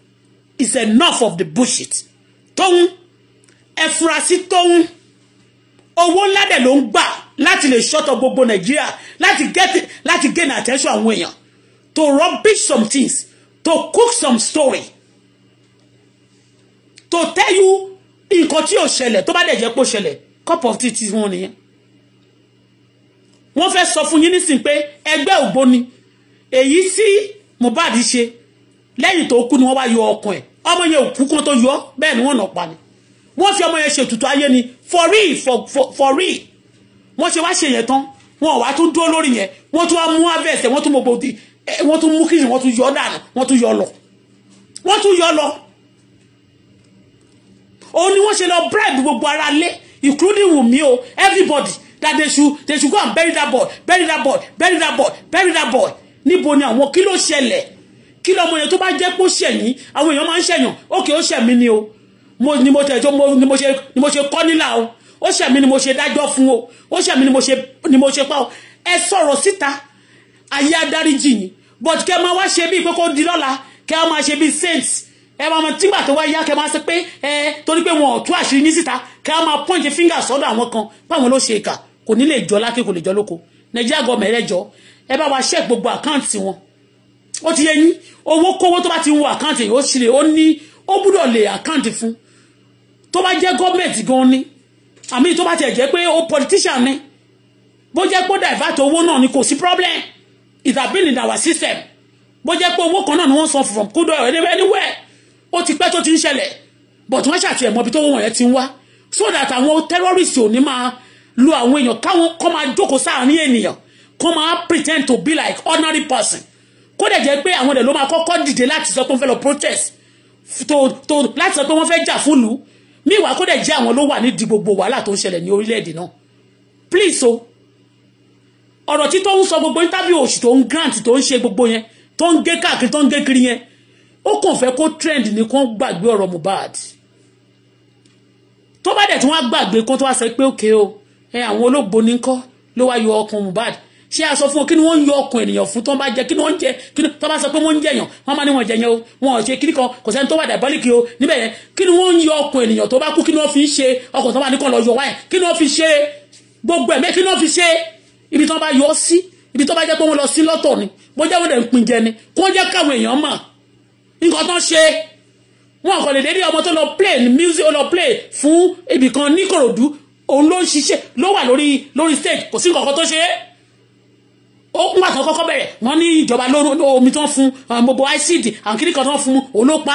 is enough of the bullshit tóun ẹ̀fúrasí tóun owó ńlá dẹ̀ ló ń gbà láti lè ṣọ́tọ̀ gbogbo nàìjíríà láti get láti gain attention àwọn èèyàn to rubbish some things to cook some story to tell you nǹkan tí ò ṣẹlẹ̀ tó bá dẹ̀ jẹ́ pé ó ṣẹlẹ̀ cup of tea ti wọn nìyẹn wọ́n fẹ́ sọ fún yín nísìn pé ẹgbẹ́ ògbóni èyí tí Mohbad ṣe lẹ́yìn tó kú ni wọ́n wá yọ ọkàn ẹ̀ ọmọ yẹn òkú kan tó yọ bẹ́ẹ̀ ni wọ́n nà pa ni wọ́n fi ọmọ yẹn ṣètùtù ayé ni for real for, for, for real wọ́n ṣe wá ṣe yẹn tán wọn ò wá tún dúró lórí yẹn wọ́n tún wá mú abẹ́ẹ̀sẹ̀ wọ́n tún gbogbo eh, wọ́n tún mú kíyìn wọ́n tún yọ dànù wọ́n tún yọ lọ wọ́n tún yọ lọ òun ni wọ́n ṣe lọ bribe gbogbo ara lé including Wunmi o everybody that they should they should go and bury that boy bury that boy bury that boy bury that boy níbo ni àwọn kí ló ṣẹlẹ̀ kí lọ́mọ yẹn tó bá jẹ́ pé ó ṣẹ̀yìn àwọn èèyàn máa ń ṣẹ̀yàn ókè ó ṣẹ̀mí ni o mo ni mo tẹ̀jọ́ mo ni mo ni mo ṣe kọ́ nílà o ó ṣẹ̀mí ni mo ṣe dájọ́ fún o ó ṣẹ̀mí ni mo ṣe pa o ẹ sọ̀rọ̀ síta ayé adáríjì yìí but kẹ́ máa wá ṣe bíi pé kó di lọ́la kẹ́ máa máa ṣe bíi saint ẹ máa máa tígbà tó wá yá kẹ́ máa ṣe pé ẹ torí pé wọn ò tú àṣírí ní síta kẹ́ máa point finger sọ́dọ̀ àwọn kan báwọn ló ṣe ìkà kò ní lè jọ lákè kò lè jọ lóko nàìjíríà gọọmọ jọ ẹ bá wa ṣẹ́ gbogbo àkáǹtì wọn ó ti yẹ yín owó kówó tó bá ti ń wo àkáǹtì ó ṣe ó ní ó gbúdọ̀ lè àkáǹtì fún tó bá jẹ́ gọ́ọ̀mẹ̀ntì gan ni àmì tó bá tiẹ̀ jẹ́ pé ó politician ni bó jẹ́ pé ó divert owó náà ni kò sí problem it has been in our system bó jẹ́ pé owó kan náà ni wọ́n san from kudo anywhere ó ti pẹ́ tó ti ń ṣẹlẹ̀ but wọ́n ṣàtìyẹ̀ mọ́bi tó wọ́n yẹn ti ń wá so that àwọn terrorists ò ní máa lu àwọn èèyàn káwọn kọ́ máa jókòó sáàárín ènìyàn kọ́ máa pretend to be like ordinary person kó dẹ̀ jẹ́ pé àwọn ẹ̀ ló máa kọ́kọ́ dìde láti sọ pé wọ́n fẹ́ lọ protest to to láti sọ pé wọ́n fẹ́ jà fúlùú míwàá kó dẹ̀ jẹ́ àwọn ló wà nídìí gbogbo wàhálà tó ń ṣẹlẹ̀ ní orílẹ̀-èdè náà please o ọ̀rọ̀ tí tó ń sọ gbogbo interview oṣù tó ń grant tó ń ṣe gbogbo yẹn tó ń gé káàkiri tó ń gé kiri yẹn ó kàn fẹ́ kó trend ní kó gbàgbé ọ̀rọ̀ Mohbad tó bá dẹ̀ tí wọ́n á gbàgbé kó tó wá sọ pé òkè o ẹ àwọn olóògbò ní kọ́ ló wá yọ ọkàn Mohbad ṣé a sọ fún ọ kí ni wọ́n ń yọ ọkàn ènìyàn fún tó ń bá jẹ kí ni wọ́n ń jẹ kí ni tó bá sọ pé wọ́n ń jẹyàn wọ́n máa ní wọn jẹyàn o wọn ṣe kí ni kan kò sẹ́ni tó wà dàbọ́lìkì o níbẹ̀ yẹn kí ni wọ́n ń yọ ọkàn ènìyàn tó bá kú kí ni wọ́n fi ń ṣe ọkàn tó bá nìkan lọ yọ wáyà kí ni wọ́n fi ṣe gbogbo ẹ̀mẹ́ kí ni wọ́n fi ṣe ibi tó bá yọ sí ibi tó bá jẹ́ pé wọ́n lọ sí lọ́tọ̀ ni bó jẹ́ wọ́n dẹ̀ ń pin jẹ ni kó jẹ́ káwọn èèyàn mọ̀ nǹkan tó ń ṣe wọn kò lè dédé ọmọ tó lọ play music ó lọ play fún ibìkan níkòròdú òun ló ń ṣiṣẹ́ ló wà lórí lórí stage kò sí nǹkan kan tó ṣe é ó ń wàtò kọ́kọ́ bẹ̀rẹ̀ wọ́n ní ìjọba lóru omi tán fún gbogbo icd àwọn kiri kan tán fún òun ló pa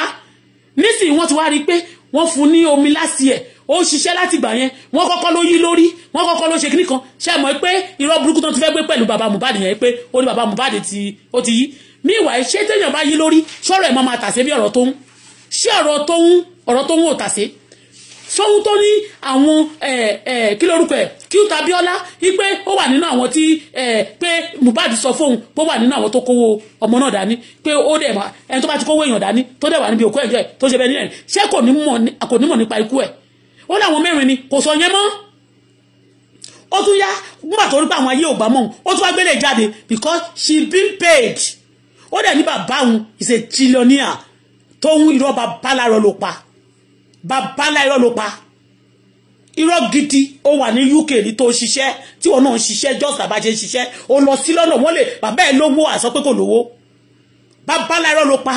nísìnyí wọ́n ti wá rí i pé wọ́n fún ní omi láti ẹ̀ ó ṣiṣẹ́ láti gbà yẹn wọ́n kọ́kọ́ ló yí lórí wọ́n kọ́kọ́ ló ṣe kíní kan ṣe mọ̀ pé irọ́ burúkú tó ti fẹ́ gbé pẹ̀lú bàbá Mohbad yẹn pé ó ní bàbá Mohbad ti ó ti yí míwà ṣé téèyàn bá yí lórí ṣọ́ọ̀rọ̀ ẹ̀ máa máa tàsé bí ọ̀rọ̀ tó ń ṣé ọ̀rọ̀ tó ń ọ̀rọ̀ tó ń ò tàsé ṣóhun tó ní àwọn kí lórúkọ ẹ̀ kí ó tàbí ọlá wípé ó wà nínú àwọn tí pé Mohbad sọ fóun pé ó wà nínú àwọn tó kówó ọmọ náà dání pé ó dẹ̀ ẹni tó bá ti kówó èèyàn dání tó dẹ̀ wà níbi òkú ẹ̀jọ́ ẹ̀ tó ṣe bẹ́ẹ̀ nílẹ̀ ṣé kò ní mọ̀ nípa ikú ẹ̀ ó láwọn mẹ́rin ni kò sọ yẹn mọ́ ó tún yá nígbà tó rí pé àwọn ayé ò bá ó tún wá gbélé jáde because she been paid ó dẹ̀ ní bàbá òun is a trillionaire tóun irọ́ bàbá lárọ́ ló pa babalá irọ́ ló pa irọ́ gidi ó wà ní UK ní tó ṣiṣẹ́ tí wọn náà ṣiṣẹ́ just àbá ṣe ṣiṣẹ́ ó lọ sí lọ́nà wọ́n lè bàbá ẹ̀ lówó àsọ pé kò lówó babalá irọ́ ló pa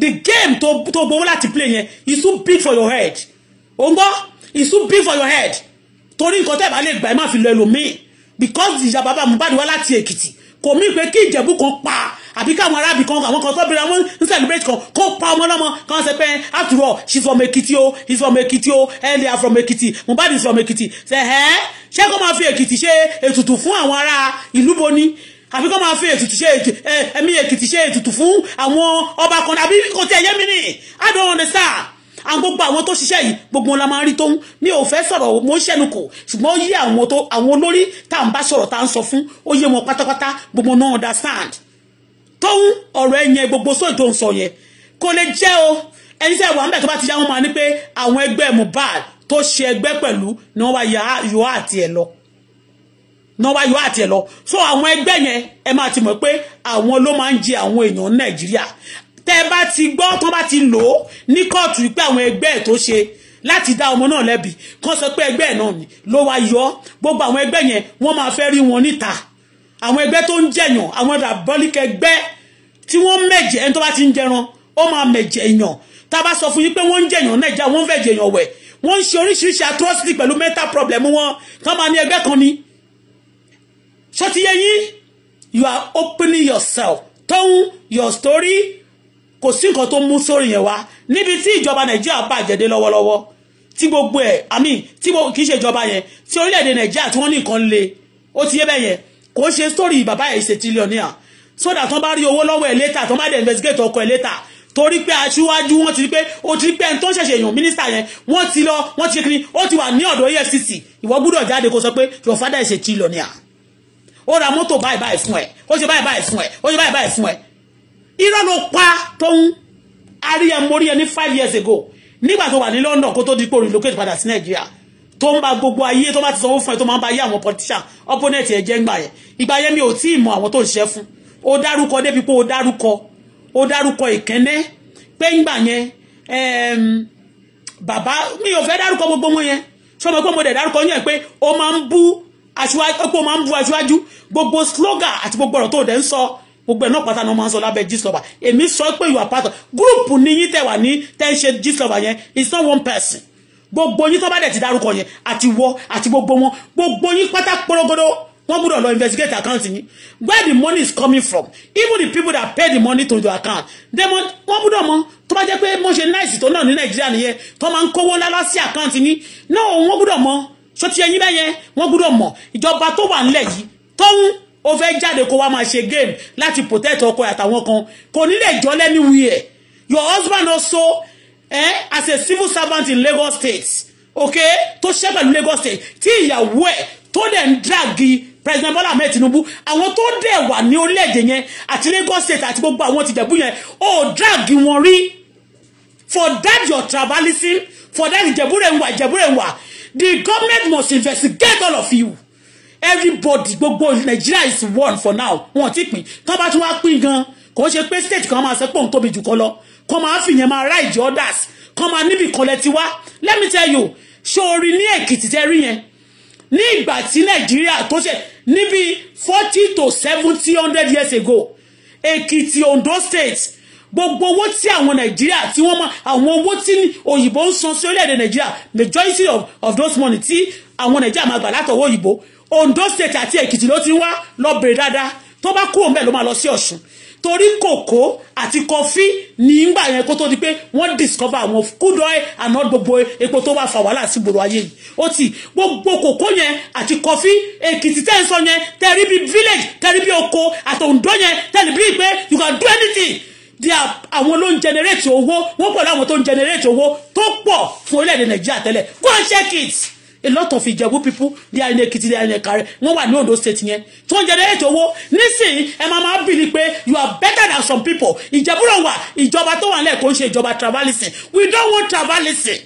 the game tó tó gbowó láti play yẹn is too big for your head ó gbọ́ is too big for your head torí nǹkan tẹ́ ẹ̀ bá lè gbà ẹ̀ má fi lọ ẹlòmíì because ìyá bàbá Mohbad wá láti Èkìtì kò mí pé kí ìjẹ̀bú kan pa àbí káwọn arábì kan àwọn kan sọ́bìnrin àwọn ń celebrate kan kó pa ọmọ ọlọ́mọ kan ṣe pé after all she's from Ekiti o he's from Ekiti o and they are from Ekiti Mohbad is from Ekiti ṣe ẹ́ ṣé kó máa fi Èkìtì ṣe ètùtù fún àwọn ará ìlú boni àfi kó máa fi ètùtù ṣe ẹ̀mí Èkìtì ṣe ètùtù fún àwọn ọba kan àbí kò tí ẹ̀yẹ́ mi ni I don't understand àwọn gbogbo àwọn tó ṣiṣẹ́ yìí gbogbo wọn la máa ń rí tó ń mi ò fẹ́ sọ̀rọ̀ mo ń ṣẹ́nu kò ṣùgbọ́n ó àwọn tó àwọn olórí tá à ń bá sọ̀rọ̀ tá à ń sọ fún ó yé wọn pátápátá gbogbo náà understand tóun ọ̀rọ̀ ẹ̀yẹn gbogbo sóò tó ń sọ yẹn kò lè jẹ́ o ẹni sẹ́ wà níbẹ̀ tó bá ti yá máa ní pé àwọn ẹgbẹ́ Mohbad tó ṣe ẹgbẹ́ pẹ̀lú náà wá yọ àti ẹ lọ so àwọn ẹgbẹ́ yẹn ẹ máa ti mọ̀ pé àwọn ló máa ń jẹ àwọn èèyàn Nàìjíríà tẹ́ bá ti gbọ́ tán bá ti lò ó ní kóòtù pé àwọn ẹgbẹ́ ẹ̀ tó ṣe láti dá ọmọ náà lẹ́bi kán sọ pé ẹgbẹ́ ẹ̀ náà ni ló wá yọ gbogbo àwọn ẹgbẹ́ yẹn wọ́n máa fẹ́ rí wọn níta àwọn ẹgbẹ́ tó ń jẹ̀yàn àwọn dàbọ́líkẹ́ ẹgbẹ́ tí wọ́n mẹ̀jẹ̀ ẹni tó bá ti ń jẹran ó máa mẹ̀jẹ̀ èèyàn tá a bá sọ fún yín pé wọ́n ń jẹ̀yàn nàìjíríà wọ́n fẹ̀jẹ̀ èèyàn wẹ̀ wọ́n ń ṣe oríṣiríṣi atrocity pẹ̀lú mental problem wọn tán máa ní ẹgbẹ́ kan ni ṣó yín you are opening yourself tone your story kò sí nǹkan tó mú sórí yẹn wá níbi tí ìjọba nàìjíríà bàjẹ́ dé lọ́wọ́lọ́wọ́ tí gbogbo ẹ̀ àmì tí kì í ṣe ìjọba yẹn tí orílẹ̀-èdè nàìjíríà tí wọ́n ní nǹkan le ó ti yé bẹ́ẹ̀ yẹn kò ń ṣe sórí bàbá ẹ̀ ṣe tílíọ̀nìyà so that wọ́n bá rí owó lọ́wọ́ ẹ̀ létà tó má dé investigate ọkọ̀ ẹ̀ létà torí pé aṣíwájú wọ́n ti rí pé ó ti rí pé ẹni tó ń ṣẹ̀ṣẹ̀ èèyàn mínísítà yẹn wọ́n ti lọ wọ́n ti kiri ó ti wà ní ọ̀dọ̀ EFCC ìwọ gbúdọ̀ jáde kó sọ pé your father is a tílíọ̀nìyà ó ra mọ́tò báyìí báyìí fún ẹ ó ṣe báyìí báyìí fún ẹ ó ṣe báyìí báyìí fún ẹ irọ́ ló pa tóun arí ẹ five years ago nígbà tó wà ní London kó tó di pò relocate padà sí Nàìjíríà tó ń ba gbogbo ayé tó bá ti sanwó fún ẹ tó máa ń ba ayé àwọn politician opponent ẹ jẹ́ ńgbà yẹn ìgbà yẹn mi ò tí ì mọ àwọn tó ń ṣiṣẹ́ fún ó dárúkọ débi pé ó dárúkọ ó dárúkọ ìkẹ́nẹ́ pé ńgbà yẹn ehm, bàbá mi ò fẹ́ dárúkọ gbogbo wọn yẹn sọmọ pé mo dẹ̀ dárúkọ yẹn pé ó máa ń bú aṣíwájú ó máa ń bú aṣíwájú gbogbo slogan àti gbogbo ọ̀rọ̀ tó dẹ̀ ń sọ gbogbo ẹ̀ náà pátá ni wọ́n máa ń sọ lábẹ́ gíslọ́bà èmi sọ pé you are gúrùpù ni yín tẹ̀ wà ní tẹ́ ń ṣe gíslọ́bà yẹn it's not one person gbogbo yín tó bá dẹ̀ ti dárúkọ yẹn àti wọ àti gbogbo wọn gbogbo yín pátá porogodo wọ́n gbọ́dọ̀ lọ investigate account yín where the money is coming from even the people that pay the money to the account dem wọ́n gbọ́dọ̀ mọ̀ tó bá jẹ́ pé mo ṣe nice tó náà ní nàìjíríà nìyẹn tó máa ń kówó lálá sí account yín náà wọ́n gbọ́dọ̀ mọ̀ sọtí ẹyin bẹ́yẹn wọ́n gbọ́dọ̀ mọ̀ ìjọba tó wà nílẹ̀ yìí tó ń ó fẹ́ jáde kó wá máa ṣe game láti protect ọkọ àtàwọn kan kò ní lè jọ lẹ́nu wíyẹ̀ your husband also eh, as a civil servant in Lagos State okay tó ṣiṣẹ́ pẹ̀lú Lagos State tí ìyàwó ẹ̀ tó dẹ̀ ń dragi president Bola Ahmed Tinubu àwọn tó dẹ̀ wà ní orílẹ̀-èdè yẹn àti Lagos State àti gbogbo àwọn tìjẹ̀bú yẹn ó dragi wọn rí for that your tribalism for that ìjẹ̀bú rẹ̀ ń wà ìjẹ̀bú ń wà the government must investigate all of you everybody gbogbo Nigeria is one for now wọn ti pín tó bá tún wá pín gan kò ṣe pé state kan máa sọ pé òun tóbi jù kọ lọ kó máa fìyẹn máa ra ìjọ others kó máa níbi ìkọlẹ̀ tiwa let me tell you ṣé orí ní Èkìtì tẹ́ rí yẹn ní ìgbà tí Nàìjíríà tó ṣe níbi forty to seventy hundred years ago Èkìtì Ondo state gbogbo owó tí àwọn nàìjíríà tí wọ́n mọ àwọn owó tí òyìnbó ń san sí orílẹ̀-èdè nàìjíríà majority of, of those money tí àwọn nàìjíríà máa gbà látọwọ́ òyìnbó Ondo state àti Èkìtì ló ti wá lọ bèrè dáadáa tó bá kúrò mẹ́ẹ̀ ló máa lọ sí Ọ̀ṣun torí kòkó àti kọfí nígbà yẹn kó tó di pé wọ́n discover àwọn crude oil àná gbogbo epo tó bá fa wàhálà sí gbòòrò ayé yìí ó ti gbogbo kòkó yẹn àti kọfí èkìtì tẹ́ ń sọ yẹn tẹ́rí bí village tẹ́rí bí oko àtòǹdó yẹn tẹ́rí bí pé you can do anything di àwọn ló ń generate owó wọ́n pọ̀ láwọn tó ń generate owó tó pọ̀ fún orílẹ̀-èdè Nàìjíríà tẹ́lẹ̀ go and check it a lot of Ìjẹ̀bú people they are in Ekiti they are in Ekare wọ́n wà ní Ondo state yẹn tí wọ́n generate owó nísìnyí ẹ máa máa bì ní pé you are better than some people Ìjẹ̀bú náà wà ìjọba tó wà lẹ́ẹ̀kọ́ ń ṣe ìjọba tribalism we don't want tribalism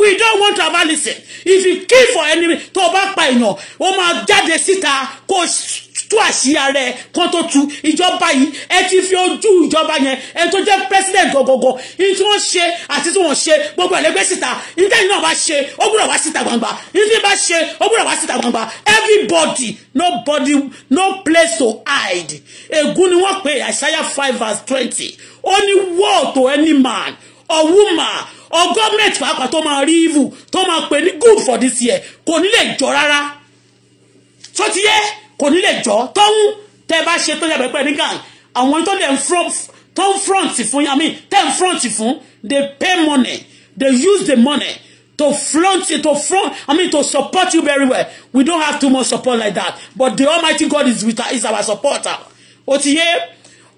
we don't want tribalism if you kill for enemy tó o bá pa èèyàn o máa jáde síta kó o tú àṣírí ara ẹ kán tó tu ìjọba yìí ẹ ti fi ojú ìjọba yẹn ẹ tó jẹ́ president gọgọgọ ní tí wọ́n ṣe àti tí wọ́n ṣe gbogbo ẹ̀lẹ́gbẹ́ síta ní tẹ́yìn náà bá ṣe ó gbúdọ̀ wá síta gbangba ní tí bá ṣe ó gbúdọ̀ wá síta gbangba everybody nobody no place to hide ègún ni wọ́n pè Isaiah five verse twenty ó ní wọ́ọ̀ tó any man or woman or government pàápàá tó máa rí evil tó máa pè ní good for this year kò ní lè jọ rárá tó ti yẹ kò ní lè jọ tọ́hún tẹ́ bá ṣe tó yàgbẹ́ pẹ́ nígbà àwọn tó lè tó ń front fún yàmí tẹ́ ń front fún they pay money they use the money to flaunt to front I mean to support you very well we don't have too much support like that but the Almighty God is with us is our supporter otiye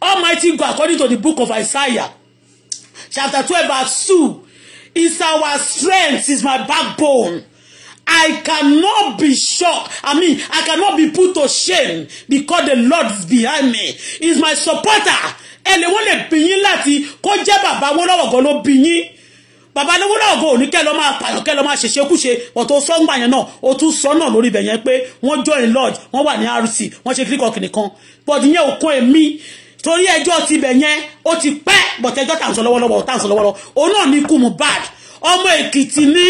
Almighty God according to the book of Isaiah chapter twelve verse two is our strength is my backbone I cannot be shocked. I mean, I cannot be put to shame because the Lord is behind me. He's my supporter. Ẹni wọ́n lè bí yín láti kó jẹ́ bàbá Awólọ́wọ̀ gan ló bí yín. Bàbá Awólọ́wọ̀ gan ò ní kẹ́ lọ máa pààyàn kẹ́ lọ máa ṣèṣe kúṣe ọ̀tọ̀ sọ́ngbà yẹn náà ó tún sọ náà lórí ibẹ̀ yẹn pé wọ́n join lodge wọ́n wà ní RC wọ́n ṣe kíríkọ̀ kìnìkan bọ́ọ̀dì yẹn ò kọ́ èmi torí ẹjọ́ tibẹ̀ yẹn ó ti pẹ́ bọ̀tẹ́jọ́ tà ń sọ lọ́wọ́lọ́wọ́ tà ń sọ lọ́wọ́lọ́wọ́ òun náà ní ikú Mohbad ọmọ Èkìtì ní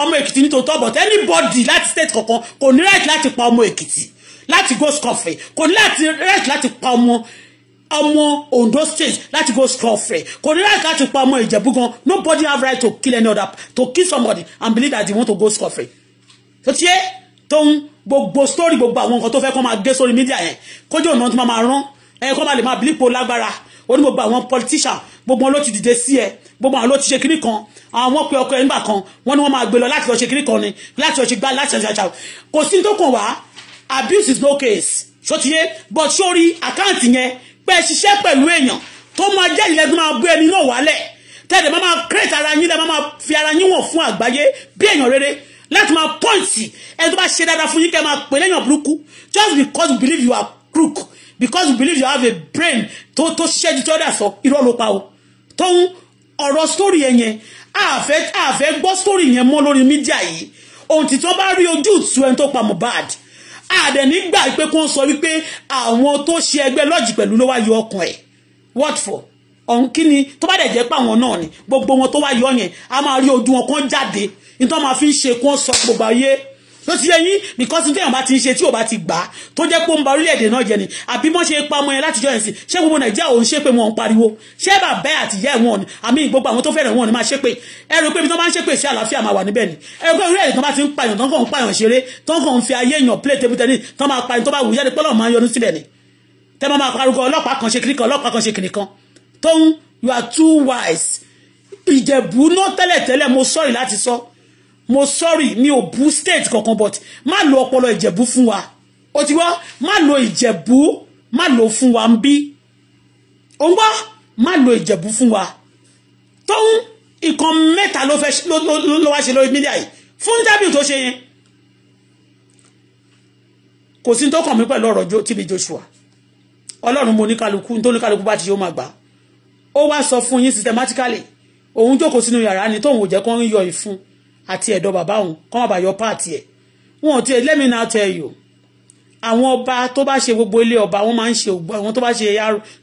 ọmọ èkìtì nítòótọ́ but anybody láti state kankan kò ní right láti pa ọmọ èkìtì láti go scoffrey kò ní láti right láti pa ọmọ ọmọ ondo state láti go scoffrey kò ní right láti pa ọmọ ìjẹ̀bú gan nobody have right to kill any other to kill somebody and believe that they want to go scoffrey tó tiẹ́ tó ń gbogbo story gbogbo àwọn nǹkan tó fẹ́ kó máa gé sórí mídíà yẹn kójú ọ̀nà tó máa rán ẹ̀ kó máa lè máa bílípò lágbára ó àwọn politician gbogbo wọn ló ti dìde sí ẹ gbogbo àwọn ló ti ṣe kinní kan àwọn pe ọkọ ẹ kan wọn ni wọn máa gbé lọ láti lọ ṣe kinní kan ni láti lọ ṣe gbá láti ṣe àṣà kò sí tó kàn wá abuse is no case ṣòtiyé but sórí àkáǹtì yẹn pé ṣiṣẹ́ pẹ̀lú èèyàn tó máa jẹ́ ìlẹ́gbẹ́ máa gbé ẹni náà wálẹ̀ tẹ́lẹ̀ máa máa create ara yín lẹ́ máa fi ara yín wọ̀n fún àgbáyé bí èèyàn rere láti máa pọ́ǹtì ẹni tó bá ṣe dáadáa fún yín kẹ́ máa pè léèyàn burúkú just because you believe you are crook because you believe you have a brain to to share ju tọ́dà sọ irọ́ ló pa o tó ń ọ̀rọ̀ story yẹn yẹn àfẹ́ àfẹ́ gbọ́ story yẹn mọ́ lórí mídíà yìí ohun tí tó bá rí ojú ìtú ẹni tó pa Mohbad àdẹ̀ nígbà pé kó ń sọ wípé àwọn tó ṣe ẹgbẹ́ lọ́ọ̀jì pẹ̀lú ló wá yọ ọkàn ẹ̀ what for On kini ni tó bá dẹ̀ jẹ́ pé àwọn náà ni gbogbo wọn tó wá yọ yẹn a máa rí ojú wọn kán jáde nítorí wọn máa fi ń ṣe kó gbogbo ayé ló ti yẹ yín nìkan tí téèyàn bá ti ń ṣe tí ò bá ti gbà á tó jẹ́ pé ó ń ba orílẹ̀-èdè náà jẹ ni àbí mọ́ ṣe pa ọmọ yẹn látijọ́ yẹn sí ṣé gbogbo nàìjíríà òun ṣe pé wọn ń pariwo ṣé bàbá àti ìyá ẹ̀wọ̀n ni àmì gbogbo àwọn tó fẹ́ràn wọn ni máa ṣe pé ẹrù pé ibi tó máa ń ṣe pé sí àlàáfíà máa wà níbẹ̀ ni ẹrù pé orílẹ̀-èdè tó bá ti ń pààyàn tó ń kàn ń pààyàn ṣeré tó ń kàn ń fi ayé èèyàn play table tennis tó máa pààyàn tó bá wù jáde pọ́lọ́ máa ń yọnu síbẹ̀ ni tẹ́ máa máa parúkọ ọlọ́pàá kan ṣe kiri kan ọlọ́pàá kan ṣe kiri kan tóun you are too wise ìjẹ̀bú náà tẹ́lẹ̀tẹ́lẹ̀ mo sọ́ọ̀rì láti sọ mo sorry mi ò bú state kankan but má lo ọpọlọ ìjẹ̀bú fún wa ó ti wá má lo ìjẹ̀bú má lo fún wa ń bí ó ń lo ìjẹ̀bú fún wa tóun nǹkan mẹ́ta ló fẹ́ ló wá ṣe lórí mídíà yìí fún interview tó ṣe yẹn kò sí tó kàn mí pẹ̀lú ọ̀rọ̀ tíbi Joshua ọlọ́run mo oníkálukú nítorí oníkálukú bá ti ṣe ó máa gbà ó wá sọ fún yín systematically òun jókòó sínú yara ni tóun ò jẹ́ kó ń yọ àti ẹ̀dọ̀ bàbá òun kọ́n bá yọ páàtì ẹ̀ wọn ò tiẹ̀ let me now tell you àwọn ọba tó bá ṣe gbogbo ilé ọba wọn máa ń ṣe ògbó àwọn tó bá ṣe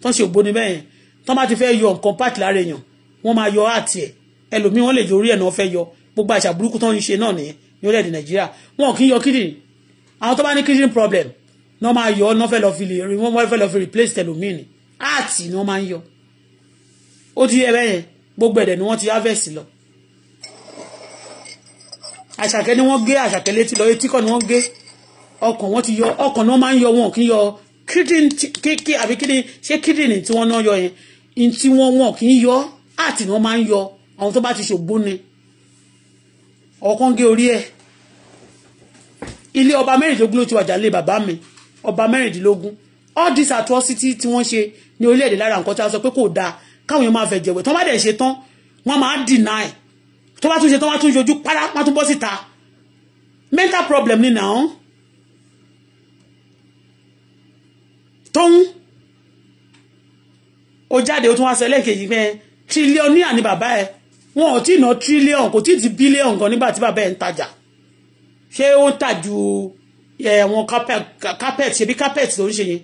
tán ṣe ògbó níbẹ̀ yẹn tán bá ti fẹ́ yọ nǹkan páàtì lára èèyàn wọn máa yọ àti ẹ̀ ẹlòmíì wọn lè yọ orí ẹ̀ náà fẹ́ yọ gbogbo àṣà burúkú tán ń ṣe náà nìyẹn ní orílẹ̀-èdè nàìjíríà wọn kì í yọ kídìní àwọn tó bá ní kídìní problem náà máa yọ náà fẹ́ lọ fi lè wọ́n fẹ́ lọ fi replace tẹlòmíì ni áàtì ni wọ́n máa ń yọ ó ti yẹ bẹ́yẹn gbogbo ẹ̀dẹ̀ ni wọ́n ti harvest lọ àṣàkẹ́ ni wọ́n gé àṣàkẹ́ létí lọ etí kọ́ ni wọ́n gé ọkàn wọ́n ti yọ ọkàn ni wọ́n máa ń yọ wọn kì í yọ kídìní àbí kídìní ṣé kídìní tí wọ́n náà yọ yẹn in tí wọ́n wọ̀n kì í yọ àti ni wọ́n máa ń yọ àwọn tó bá ti ṣògbón ni ọ̀kan gé orí ẹ̀ ilé ọba mẹ́rìndínlógún ló ti wàjà lé bàbá mi ọba mẹ́rìndínlógún all this atrocity tí wọ́n ṣe ní orílẹ̀-èdè lára nǹkan tí a sọ pé kò dáa káwọn èèyàn máa fẹ̀jẹ̀ wẹ̀ tán bá dẹ̀ ṣe tán wọ́n máa deny tó bá tún ṣe tó bá tún yọjú párá má tún bọ́ síta mental problem ni nàá tóun ó jáde ó tún wá sọ ẹlẹ́ẹ̀kejì pé tírílíọ̀nìyà ni bàbá ẹ wọn ò tí ì ná tírílíọ̀n kò tí ì ti bílíọ̀n gan nígbà tí bàbá ẹ ń tajà ṣé ó ń tà ju ẹ̀wọ̀n carpet ṣebí carpet ló ń ṣe yẹn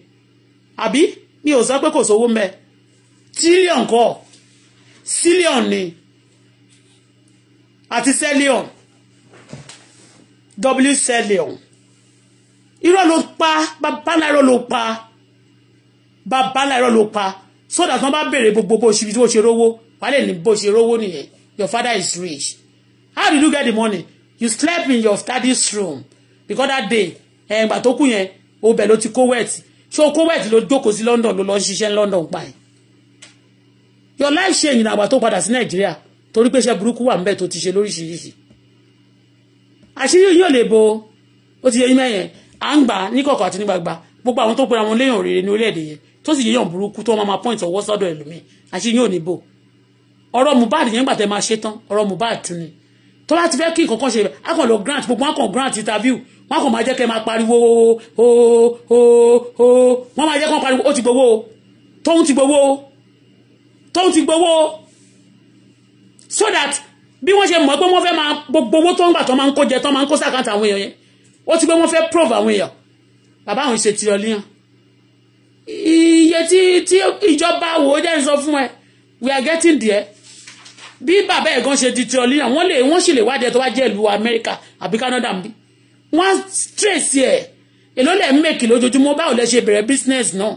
àbí mi ò sọ pé kò sówó mẹ́ tírílíọ̀n kọ́ sílíọ̀n ni àti sẹ́líọ̀n w sẹ́líọ̀n irọ́ ló pa babalá irọ́ ló pa babalá irọ́ ló pa So that wọ́n bá béèrè gbogbo bó ṣe bó ṣe rówó wà lè ní bó ṣe rówó nìyẹn your father is rich how did you get the money you slept in your daddy's room because that day ẹ̀ǹgbà tó kù yẹn obẹ̀ ló ti kó wẹ̀tì ṣó kó wẹ̀tì ló jókòó sí London ló lọ ṣiṣẹ́ London pa ẹ̀ your life change ní àgbà tó padà sí Nàìjíríà torí pé iṣẹ́ burúkú wà ńbẹ̀ tó ti ṣe lóríṣiríṣi àṣírí yóò lè bo ó ti yẹ yín mẹ́yẹn à ń gbà ní kọ̀kọ̀ àti ní gbagba gbogbo àwọn tó pera wọn léèyàn rere ní orílẹ̀-èdè yẹn tó sì yéèyàn burúkú tó máa point ọwọ́ sọ́dọ̀ ẹlòmíì àṣírí yóò ní bo ọ̀rọ̀ Mohbad yẹn gbà tẹ́ máa ṣe tán ọ̀rọ̀ Mohbad tún ni tó bá ti fẹ́ kí nǹkan kan ṣe á lọ grant gbogbo wọn grant interview wọn kàn máa jẹ́ kẹ́ máa pariwo o o o wọn máa jẹ́ kàn pariwo ó ti gbowó tóun ti gbowó tóun ti gbowó so that bí wọ́n ṣe mọ̀ pé wọ́n fẹ́ máa gbogbo owó tó ń gbà tó máa ń kó jẹ tó máa ń kó sàkáǹtì àwọn èèyàn yẹn ó ti pé wọ́n fẹ́ prove àwọn èèyàn bàbá àwọn ìṣe tirọ̀ níyàn iye tí tí ìjọba wò ó jẹ́ ń sọ fún ẹ we are getting there bí bàbá ẹ̀ gan ṣe di tirọ̀ níyàn wọ́n lè wọ́n sì lè wádìí ẹ̀ tó wá jẹ́ ìlú Amẹ́ríkà àbí Canada ń bí wọ́n trace ẹ̀ èló lẹ̀ ń mèkì lójoojúmọ́ báwo lẹ ṣe bẹ̀rẹ̀ business náà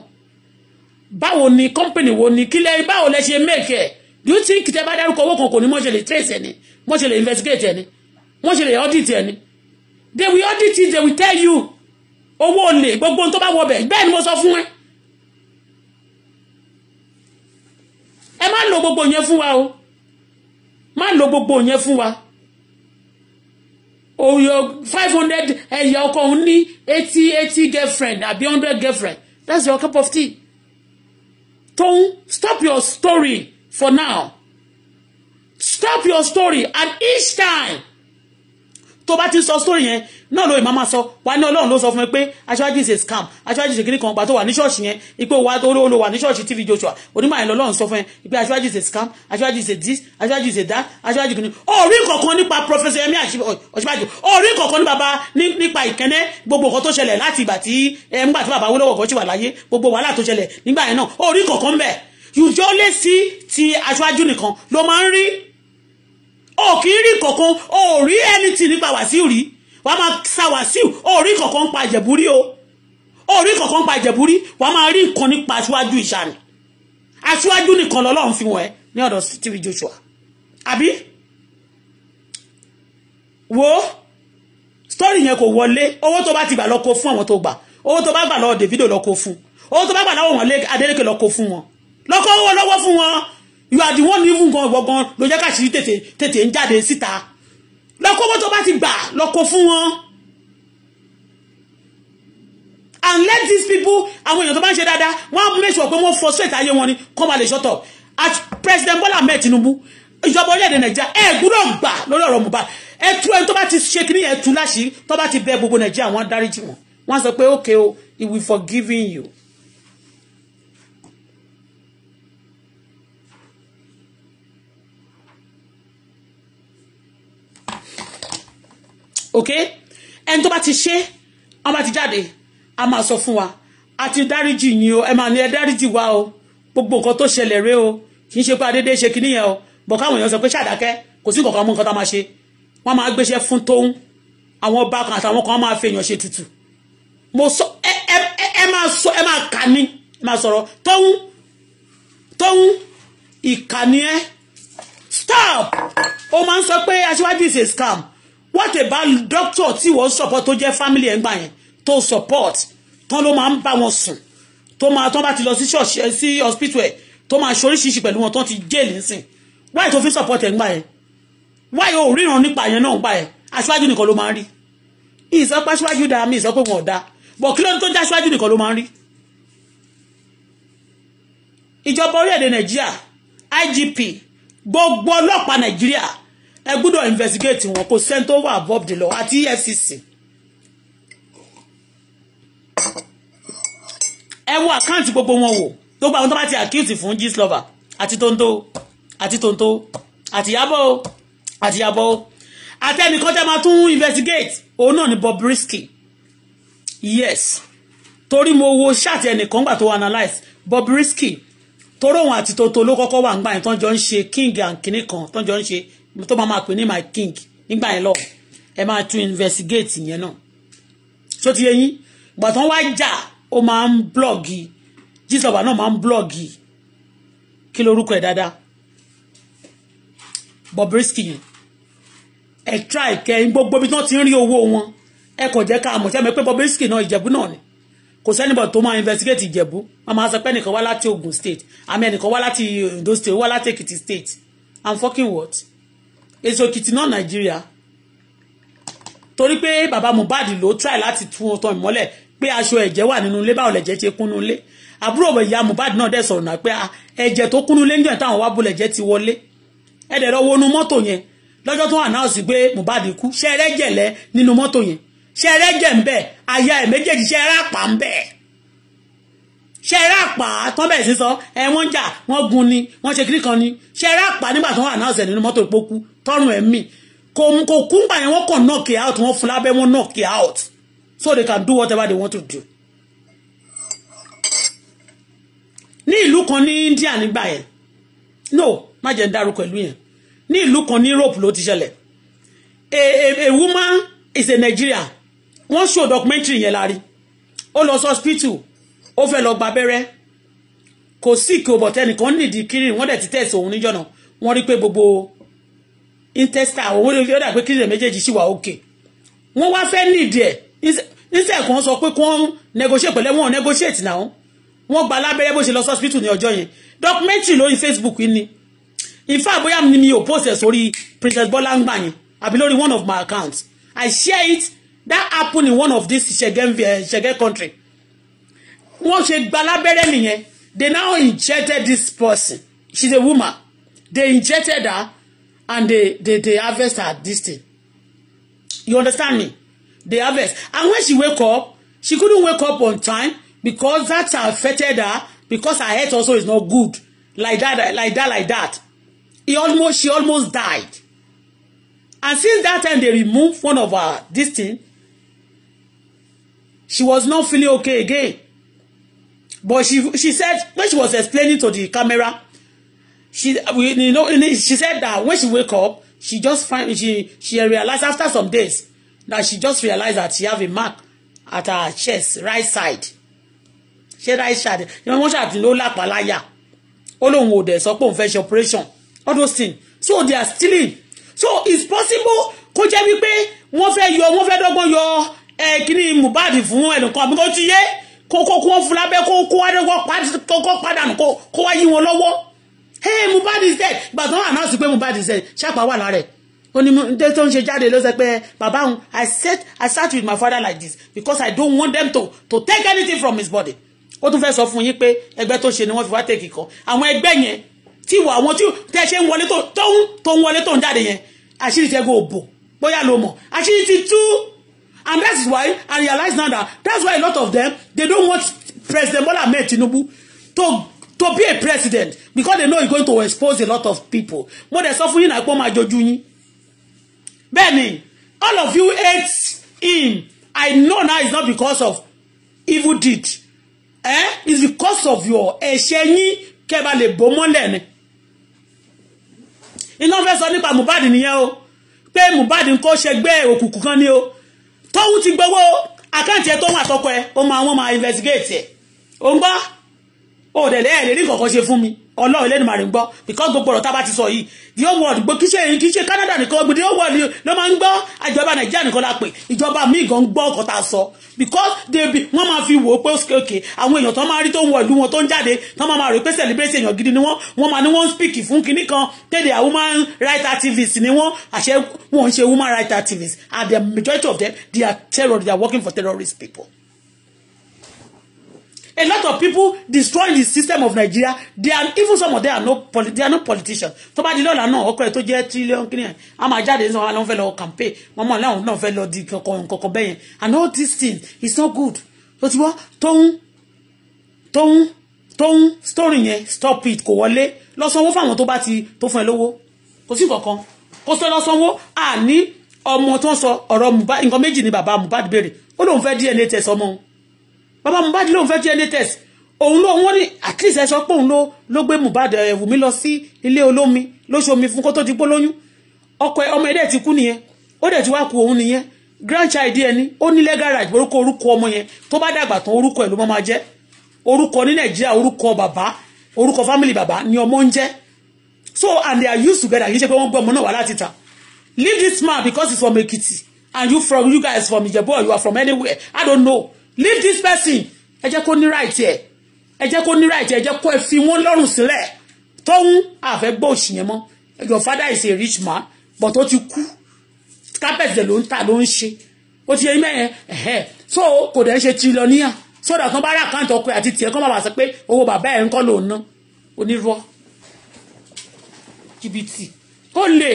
báwo ni company wo ni kílẹ̀ báwo lẹ ṣe mèkì ẹ̀ do you think tẹ́ bá dárúkọ owó kan kò ní mọ́ṣẹ̀lẹ̀ trace ẹni mọ́ṣẹ̀lẹ̀ investigate ẹni mọ́ṣẹ̀lẹ̀ audit ẹni they will audit it they will tell you owó olè gbogbo tó bá wọ bẹ̀ bẹ́ẹ̀ ni mo sọ fún ẹ. ẹ má lo gbogbo yẹn fún wa o má lo gbogbo yẹn fún wa oyo oh, five hundred ẹ̀yà eh, ọkọ òun ní eighty eighty girlfriend àbí hundred girlfriend that's your cup of tea tóun stop your story for now stop your story and each time tó bá ti sọ story yẹn náà lóye màmá sọ wà ní ọlọ́run ló sọ fún mi pé aṣáájú is a scam aṣáájú is a kiri kan gbà tó wà ní ṣọ́ọ̀ṣì yẹn ipò wa tó ló wà ní ṣọ́ọ̀ṣì TV Joshua onímọ̀ àyìnlọ́ ọlọ́run sọ fún yẹn pé aṣáájú is a scam aṣáájú is a this aṣáájú is a that aṣáájú kìíní orí kọ̀ọ̀kan nípa Professor Yemi Ọ̀ṣínbàjò orí kọ̀ọ̀kan nípa nípa ìkẹ́nẹ́ gbogbo nǹkan tó ṣẹlẹ̀ láti ìgbà tí ẹ̀ eh, ń gbà tí bàbá Awólọ́wọ̀ kan ṣì wà láyé gbogbo wàhálà tó ṣẹlẹ̀ nígbà yẹn náà orí kọ̀ọ̀kan bẹ́ẹ̀ you just only see ti aṣáájú nìkan ló máa ń rí o kì í rí kankan o rí anything nípa Wàsíù rí wàá máa sa Wàsíù o rí kankan pa Ìjẹ̀bú rí o orí kọ̀ọ̀kan pa ìjẹ̀bú rí wàá máa rí nǹkan nípa aṣíwájú ìṣàní aṣíwájú nìkan lọ́lọ́run fi wọ̀n ẹ́ ní ọ̀dọ̀ stv joshua àbí wo story yẹn kò wọlé owó tó bá ti gbà lọ kó fún àwọn tó gbà owó tó bá gbà lọ Davido lọ kó fún owó tó bá gbà lọ́wọ́ wọn Adeleke lọ kó fún wọn lọ́kọ́ owó lọ́wọ́ fún wọn you are the one even gan gbọ̀ngàn ló jẹ́ káṣírí tètè tètè ń jáde síta lọ́kọ́ owó tó bá ti gbà lọ́kọ́ fún wọn and let these people àwọn èèyàn tó bá ń ṣe dáadáa wọ́n á make sure pé wọ́n frustrate ayé wọn ni kọ́ máa lè shut up at president Bola Ahmed Tinubu ìjọba orílẹ̀-èdè nàìjíríà ẹ gbúdọ̀ gbà lórí ọ̀rọ̀ Mohbad ẹ tú ẹni tó bá ti ṣe kíní ẹ tú láṣìírí tó bá ti bẹ gbogbo nàìjíríà wọn dáríjì wọn wọn sọ pé okay o we forgiving you okay ẹni tó bá ti ṣe wọn bá ti jáde a máa sọ fún wa a dáríjì yín o ẹ máa ní ẹ dáríjì wa o gbogbo nǹkan tó ṣẹlẹ̀ rẹ o kì í ṣe pé adédé ṣe kinní yẹn o bọ̀ káwọn èèyàn sọ pé ṣàdákẹ́ kò sí nǹkan mú nǹkan tá a máa ṣe wọ́n máa gbéṣẹ́ fún tóun àwọn ọba kan àtàwọn kan máa fèèyàn ṣe tutù mo sọ ẹ ẹ ẹ máa sọ ẹ máa kà ní ẹ máa sọ̀rọ̀ tóun tóun ìkànnì ẹ stop ó máa ń sọ pé aṣíwájú is scam what about doctor tí wọ́n support tó jẹ́ family ẹ̀ ń gbà yẹn tó support tán ló máa ń bá wọn sùn tó máa tán bá ti lọ sí ṣọ́ọ̀ṣì eh, sí hospital ẹ̀ tó máa ṣoríṣiríṣi pẹ̀lú wọn tán ti jail nísìn why tó fi support ẹ̀ ń yẹn why o ríran nípa yẹn náà ń gbà yẹn aṣáájú nìkan ló máa ń rí ìsọpá aṣáájú dáa mi ìsọpá wọn ò dáa bọ̀ kí ló ń tó já aṣáájú nìkan ló máa ń rí ìjọba orílẹ̀-èdè nàìjíríà IGP gbogbo ọlọ́pàá nàìjíríà ẹ gbọ́dọ̀ investigate wọn kò sẹ́ni tó wà Bob de law àti EFCC ẹ wo àkáǹtì gbogbo wọn wò gbogbo àwọn tó bá ti accuse fún Gistlover àti tonto àti tonto àti yabo àti yabo àti ẹnìkan tẹ́ máa tún investigate òun náà ni Bob Bobrisky yes torí mo wo ṣáàtì ẹnìkan gbà tó analyse Bobrisky toró òun àti tonto ló kọ́kọ́ wà ń gbà yẹn tán jọ ń ṣe king and kinní kan tán jọ ń ṣe tó bá máa pè ní my king nígbà yẹn lọ ẹ máa tún investigate yẹn náà So ti yẹ yín ìgbà tó ń wá jà ó máa ń blọ́ọ̀gì jísọ̀bà náà máa ń blọ́ọ̀gì kí lorúkọ ẹ̀ dáadáa Bobrisky yẹn ẹ try kẹyìn gbogbo bí wọ́n ti ń rí owó wọn ẹ kò jẹ́ ká mọ̀ sẹ́mi pé Bobrisky náà ìjẹ̀bú náà ni kò sẹ́nìbọ̀ tó máa investigate ìjẹ̀bú wọ́n máa sọ pé ẹnìkan wá láti Ogun state àmì ẹnìkan wá láti Ondo state wá láti Èkìtì state I'm fucking what? Èso Èkìtì náà Nàìjíríà torí pé baba Mohbad ló try láti tún ọtọ ìmọ́lẹ̀ pé aṣọ ẹ̀jẹ̀ wà nínú ilé báwo lẹ̀jẹ̀ ṣe kúnnú ilé àbúrò ìyá Mohbad náà dẹ̀ sọ̀rọ̀ náà pé ah, ẹ̀jẹ̀ tó kúnnú ilé níjọ́ táwọn wá bolẹ̀ jẹ́ ti wọlé ẹ̀dẹ̀ lọ wọnú mọ́tò yẹn lọ́jọ́ tó announce pé Mohbad kú ṣe ẹrẹ́jẹ̀ lẹ nínú mọ́tò yẹn ṣe ẹrẹ́jẹ̀ ń bẹ̀ aya ẹ̀ méjèèjì ṣe ẹrápà ń bẹ̀ ṣe eré àpá tán bẹ̀rẹ̀ sí sọ ẹ wọ́n jà wọ́n gun ni wọ́n ṣe kiri kan ni ṣe eré àpá nígbà tó wà náà ṣẹ̀ nínú mọ́tò ìpókú tọ́rùn ẹ̀ mì kò kò kú gbà yẹn wọ́n kàn knock it out wọ́n fún lábẹ́ wọ́n knock it out so they can do whatever they want to do. ní ìlú kan ní India nígbà yẹn no má jẹ́ ń dárúkọ ìlú yẹn ní ìlú kan ní Europe ló ti ṣẹlẹ̀ a a a woman is a Nigerian. wọ́n show documentary yẹn lárí ó lọ sí hospital ó fẹ́ lọ gba abẹ́rẹ́ kò sí ìkè òbọ̀ tẹnìkan nídìí kírìn wọ́n dẹ̀ ti tẹ̀sí òun níjọ́nà wọ́n rí pé gbogbo intesta òun ló dà pé kírìn méjèèjì sì wà òkè wọ́n wá fẹ́ nídìí ẹ̀ níṣẹ́ kan sọ pé kí wọ́n negotiate pẹ̀lẹ́ wọn negotiate náà wọ́n gba lábẹ́rẹ́ bó ṣe lọ hospital ní ọjọ́ yẹn documentary lórí Facebook ni in fact bóyá ni mi ò post ẹ̀ sórí Princess Bola ń gbà yẹn àbí lórí one of my accounts I share it that happen in one of these Shege, Shege country wọ́n ṣe gba lábẹ́rẹ́ nìyẹn they now injected this person she's a woman they injected her and they they they harvest her this thing you understand me they harvest and when she wake up she couldn't wake up on time because that affected her because her health also is not good like that like that like that he almost she almost died and since that time they remove one of her this thing she was not feeling okay again But she she said when she was explaining to the camera, she we, you know she said that when she wake up, she just find she she realized after some days that she just realized that she have a mark at her chest right side. She right side. You know, wọ́n ṣàtì ló lápá láyà. Ó all along dẹ̀ sọ pé òun fẹ́ operation. All those things. So they are stealing. So it's possible kó jẹ́ wípé wọ́n fẹ́ yọ wọ́n fẹ́ dọ́gbọ́n yọ ẹ̀ eh, kíní Mohbad fún ẹnìkan àbíkó ti yé kó kó kó wọn fún lábẹ́ kó kó wá kó kó padànù kó kó wá yí wọn lọ́wọ́ hey Mohbad is dead ìgbà tó wà náà sí pé Mohbad is dead ṣàpá wà lára ẹ̀ ó ní dé tó ń ṣe jáde ló sọ pé bàbá òun I sat I sat with my father like this because I don't want them to to take anything from his body ó tún fẹ́ sọ fún yín pé ẹgbẹ́ tó ṣe ni wọ́n fi wá tèkì kan àwọn ẹgbẹ́ yẹn tí wọ àwọn tí tẹ ṣe ń wọlé tó ń wọlé tó ń jáde yẹn àṣírí tẹ gbọ́ òbò bóyá ló mọ̀ àṣírí ti tú and that is why I realize now that that's why a lot of them they don't want President Bola Ahmed Tinubu to to be a president because they know he's going to expose a lot of people mo dẹ̀ sọ fún yín náà pé ó máa jojú all of you hate him I know now it's not because of evil deed eh? it's because of your ẹ̀ṣẹ̀ yín kẹ́ bá lè bò mọ́lẹ̀ ni iná fẹ́ sọ nípa Mohbad nìyẹn o pé Mohbad ń kó ṣẹgbẹ́ òkùnkùn kan ni o tọ́wọ́ ti gbowó àkáǹtì ẹ̀ tó wà tọkọ ẹ̀ ó máa wọ́n máa investigate ẹ̀ ó ń gbá ó dẹ̀ lẹ́yìn lè rí kọ̀ọ̀kan ṣe fún mi ọlọ́run lẹ́nu màrí ń gbọ́ because gbogbo ọ̀rọ̀ tá a bá ti sọ yìí the whole world gbogbo kì í ṣe kì í ṣe Canada nìkan gbogbo the whole world ló máa ń gbọ́ ìjọba Nàìjíríà nìkan la pè ìjọba míì gan gbọ́ ọkọ̀ tá a sọ because they be wọ́n máa fi wò ó pé òkè àwọn èèyàn tó máa rí tó ń wọ ìlú wọn tó ń jáde tó máa máa rò pé celebrate èèyàn gidi ni wọ́n wọ́n máa ní wọ́n speak fún kinní kan tẹ́lẹ̀ àwọn woman rights activists ni wọ́n àṣẹ wọ́n ń ṣe human rights activists and the majority of them they are terror they are working for terrorist people A lot of people destroy the system of Nigeria. They are even some of them are no, poli they are no politicians. Tó bá di lọ́la náà ọkọ ẹ̀ tó jẹ́ trillion kìnìyàn a máa jáde náà ló ń fẹ́ lọ campaign wọn mọ̀ láwọn náà fẹ́ lọ di kankan kankan and all these things it's not good. Ó ti wọ́ tóun tóun tóun story yẹn stop it kò wọlé lọ sanwó fáwọn tó bá ti tó fún ẹ lówó kò sí kankan kó sọ lọ sanwó àní ọmọ tó ń sọ ọ̀rọ̀ Mohbad nǹkan méjì ni bàbá Mohbad béèrè ó lóun fẹ́ DNA test ọmọ òun bàbá Mohbad lóun fẹ́ DNA test òun ló wọ́n ní at least ẹ sọ pé òun ló gbé Mohbad ẹ̀wù eh, mi lọ sí ilé olómi lóṣomi fún kó tó ti pó lóyún ọkọ ọmọ ẹ̀dẹ̀ ti kú nìyẹn ó dẹ̀ ti wá ku òun nìyẹn grandchild ẹni ó ní legal orúkọ orúkọ ọmọ yẹn tó bá dàgbà tán orúkọ ẹ̀ ló máa jẹ́ orúkọ ní Nàìjíríà orúkọ bàbá orúkọ family bàbá ni ọmọ ń jẹ́ so and they are used together kì í ṣe pé wọ́n gbé ọmọ náà wá láti ta leave this man because he's from Ekiti and you from you guys from Ijebu or you are from anywhere I don't know leave this person ẹ jẹ́ kó ní right ẹ̀ ẹ jẹ́ kó ní right ẹ̀ ẹ jẹ́ kó ẹ fi wọ́n lọ́rùn sílẹ̀ tóun àfẹ́ gbọ́ òṣì yẹn mọ́ your father is a rich man but ó ti kú carpet ló ń tà ló ń ṣe ó ti yẹ yín mẹ́yẹn ẹ̀hẹ́ so kò dẹ̀ ń ṣe So sódà kan bá rà àkáǹtì ọkọ àti tiẹ̀ kan bàbá sọ pé owó bàbá ẹ̀ ń kọ́ lòun ná onírọ́ jìbìtì ó lè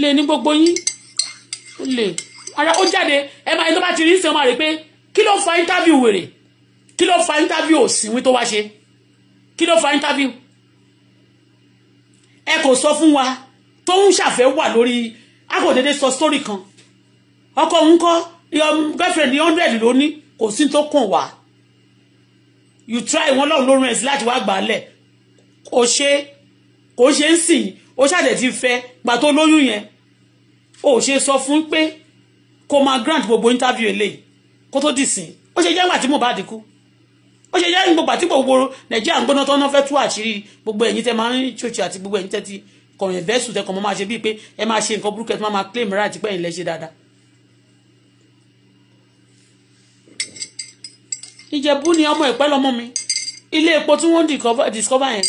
lè ní gbogbo yín ó lè ara ó jáde ẹ máa ẹni tó bá ti rí sí ọmọ rẹ pé kí ló fa interview wèrè kí ló fa interview òsínwín tó wá ṣe kí ló fa interview ẹ kò sọ fún wa tó ń ṣàfẹ́ wà lórí akọ̀dédé sọ story kan ọkọ òun Your um, girlfriend ní hundred ló ní kò sí tó kàn wá you try wọn lọ́run lórun ẹ̀sìn láti wá gbà á lẹ̀ kò ṣe kò ṣe ń sìn ó ṣàdẹ̀ ti fẹ́ gbà tó lóyún yẹn ó ṣe sọ fún pé kó máa grant gbogbo interview eléyìí kó tó dì sìn ó ṣe jẹ́ ńgbà tí Mohbad kú ó ṣe jẹ́ gbogbo àti gbogbo nàìjíríà ń gbóná tán náà fẹ́ tú àṣírí gbogbo ẹ̀yin tẹ́ máa ń ṣòṣì àti gbogbo ẹ̀yin tẹ́ ti kọ̀yìn vẹ́sù tẹ́ kàn mọ́ máa ṣe bíi pé ẹ máa ṣe nǹkan burúkú ẹ tó máa claim right pé ẹ̀yin lẹ dáadáa. ìjẹ̀bú ni ọmọ ìpẹ́ lọ́mọ mi ilé epo tí wọ́n discover yẹn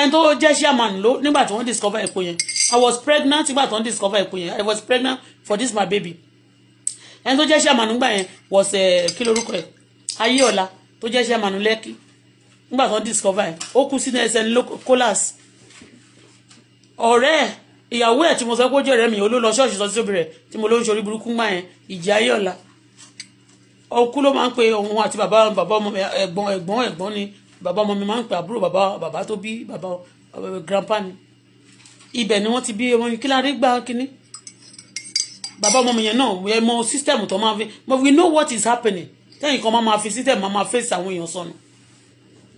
ẹni tó jẹ́ chairman ló nígbà tí wọ́n discover epo yẹn I was pregnant nígbà tí wọ́n discover epo yẹn I was pregnant for this my baby ẹni tó jẹ́ ṣàmánú gbà yẹn wọ̀sẹ̀ eh, kí lorúkọ ẹ̀ ayéọ̀la tó jẹ́ ṣàmánú lẹ́kì nígbà tó discover ẹ̀ ó kú sínú ẹsẹ̀ kolas ọ̀rẹ́ ẹ̀ ìyàwó ẹ̀ tí mo sọ pé ó jẹ́ ọ̀rẹ́ mi olólọ ṣọ́ọ̀ṣì sọ síbi rẹ̀ tí mo ló ń ṣorí burúkú gbà yẹn ìjà ayéọ̀la ọkú ló máa ń pe òun àti bàbá bàbá ọmọ eh, ẹ̀gbọ́n ẹ̀gbọ́n ẹ̀gbọ́n ni bàbá ọmọ mi máa ń pe àbúrò bàbá bàbá tó bí bàbá eh, grandpa ni ibẹ̀ ni wọ́n ti bí ọmọ yìí kí láre gbá kínní bàbá ọmọ mi yẹn náà ẹ mọ system tó máa fi but we know what is happening tẹ́yìn kan máa ma fi system máa ma face àwọn èèyàn sọnù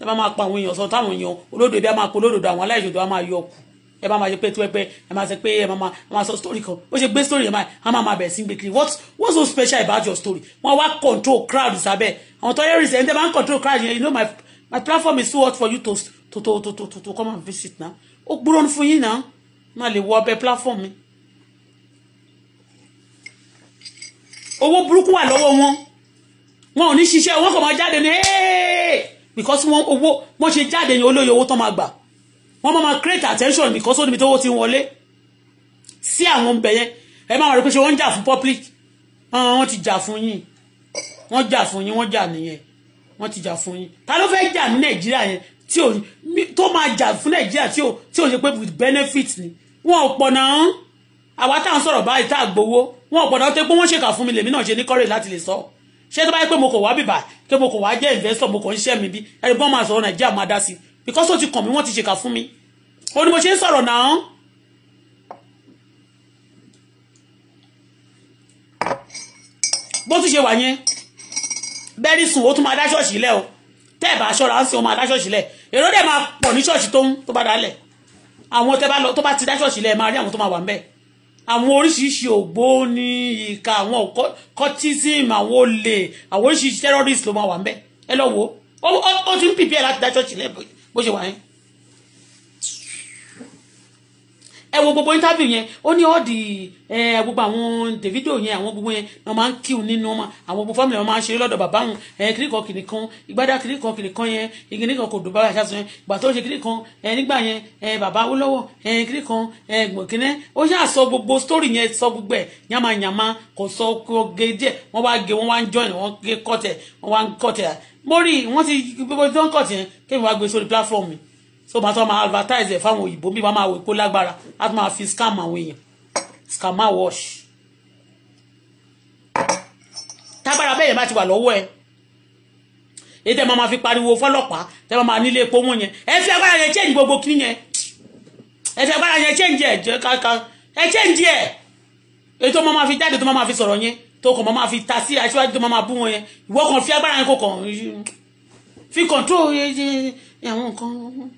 ẹ bá máa pa àwọn èèyàn sọnù táwọn èèyàn olódò ẹbí á máa pa olódò àwọn aláìṣòdò á máa yọ ọkù ẹ bá máa ṣe pé tí wẹ́pẹ́ ẹ máa ṣe pé ẹ máa máa sọ story kan ó ṣe gbé story yẹn máa á máa máa bẹ̀rẹ̀ sí gbé what what's so special about your story wọ́n wá control crowd sábẹ́ àwọn tó yẹ rìsẹ̀ ẹni tẹ́ bá ń control crowd yẹn you know my my platform is too hot for you to to to to to to come and visit na ó gbúròó fún yín náà má lè wọ ọbẹ̀ platform mi. owó burúkú wà lọ́wọ́ wọn wọn ò ní ṣiṣẹ́ wọn kò máa jáde ní because wọn owó wọn ṣe jáde ní olóyè owó tán máa gbà wọn máa create attention because ó níbi tó owó ti ń wọlé sí àwọn ibẹ̀ yẹn ẹ máa rí pé ṣe wọ́n ń jà fún public ah, wọ́n ti jà fún yín wọ́n jà fún yín wọ́n jà nìyẹn wọ́n ti jà fún yín ta ló fẹ́ jà ní nàìjíríà yẹn tí ò tó máa jà fún nàìjíríà tí ò tí ò ṣe pé with benefit ni wọn ò pọ̀ náà àwa tá à ń sọ̀rọ̀ báyìí tá à gbowó wọn ò gbọ́dọ̀ tẹ́ pé wọ́n ṣèkà fún mi lèmi náà ṣe ní kọ́rè láti lè sọ ṣé tó bá yẹ pé mo kò wá bìbà pé mo kò wá jẹ́ investor mo kò ń ṣẹ́ mi bí ẹni bọ́n máa sọ̀rọ̀ nàìjíríà máa dá sí because ó ti kàn mí wọ́n ti ṣèkà fún mi ó ní mo ṣe ń sọ̀rọ̀ náà. bó tún ṣe wà yẹn bẹ́ẹ̀ni sùn ó tún máa dá ṣọ́ọ̀ṣì lẹ̀ o tẹ́ ẹ̀ bá ṣọ́ra ń sìn ó máa dá ṣọ́ọ̀ṣì lẹ̀ èrò dẹ̀ máa pọ̀ ní ṣọ́ọ̀ṣì tó ń tó bá dálẹ̀ àwọn tó bá ti dá ṣọ́ọ̀ṣì lẹ̀ máa rí àwọn tó máa wà ń bẹ́ẹ̀ àwọn oríṣiríṣi ògbóni ìka àwọn cultism àwọn olè àwọn oríṣiríṣi terrorist ló máa wà ń bẹ ẹ lọ wo ó ti ń pìpì ẹ láti dá ṣọ́ọ̀ṣì lẹ bó ṣe wà yẹn ẹ wo gbogbo interview yẹn ó ní all the ẹ gbogbo àwọn Davido yẹn àwọn gbogbo yẹn wọn máa ń kíun nínú wọn àwọn gbogbo family wọn máa ń ṣeré lọ́dọ̀ bàbá wọn ẹ kìnìkan kìnìkan ìgbádá kìnìkan kìnìkan yẹn ìkìnìkan kò dùn bá àṣà sọ yẹn ìgbà tó ń ṣe kìnìkan ẹ nígbà yẹn ẹ bàbá olówó ẹ kìnìkan ẹ gbọ̀nkìnẹ́ ó ṣáà sọ gbogbo story yẹn sọ gbogbo ẹ yamayama kò sọ oge díẹ̀ wọ́n wá gé wọ́n wá join wọ́n gé kọ́tẹ̀ wọ́n wá ń kọ́tẹ̀ mórí wọ́n ti gbogbo tó ń kọ́tẹ̀ kéwìn wá gbé sórí platform mi so bá tó máa advertise ẹ̀ fáwọn òyìnbó bí wọ́n máa wò pé lágbára á tún máa fi scam àwọn èèyàn scam á wash tágbára bẹ́ẹ̀ yẹn bá ti wà lọ́wọ́ ẹ̀ èyí tẹ́ máa fi pariwo fọ́lọ́pàá tẹ́ máa nílé epo mú yẹn ẹ fi agbára yẹn change gbogbo kí yẹn ẹ fi agbára yẹn change ẹ jẹ kanka ẹ change ẹ èyí tó máa fi jáde tó máa fi sọ̀rọ̀ yẹn tó kàn máa fi ta sí aṣíwájú tó máa bú wọn yẹn ìwọ kan fi agbára yẹn kó kàn fi control eh, eh, àwọn nǹkan.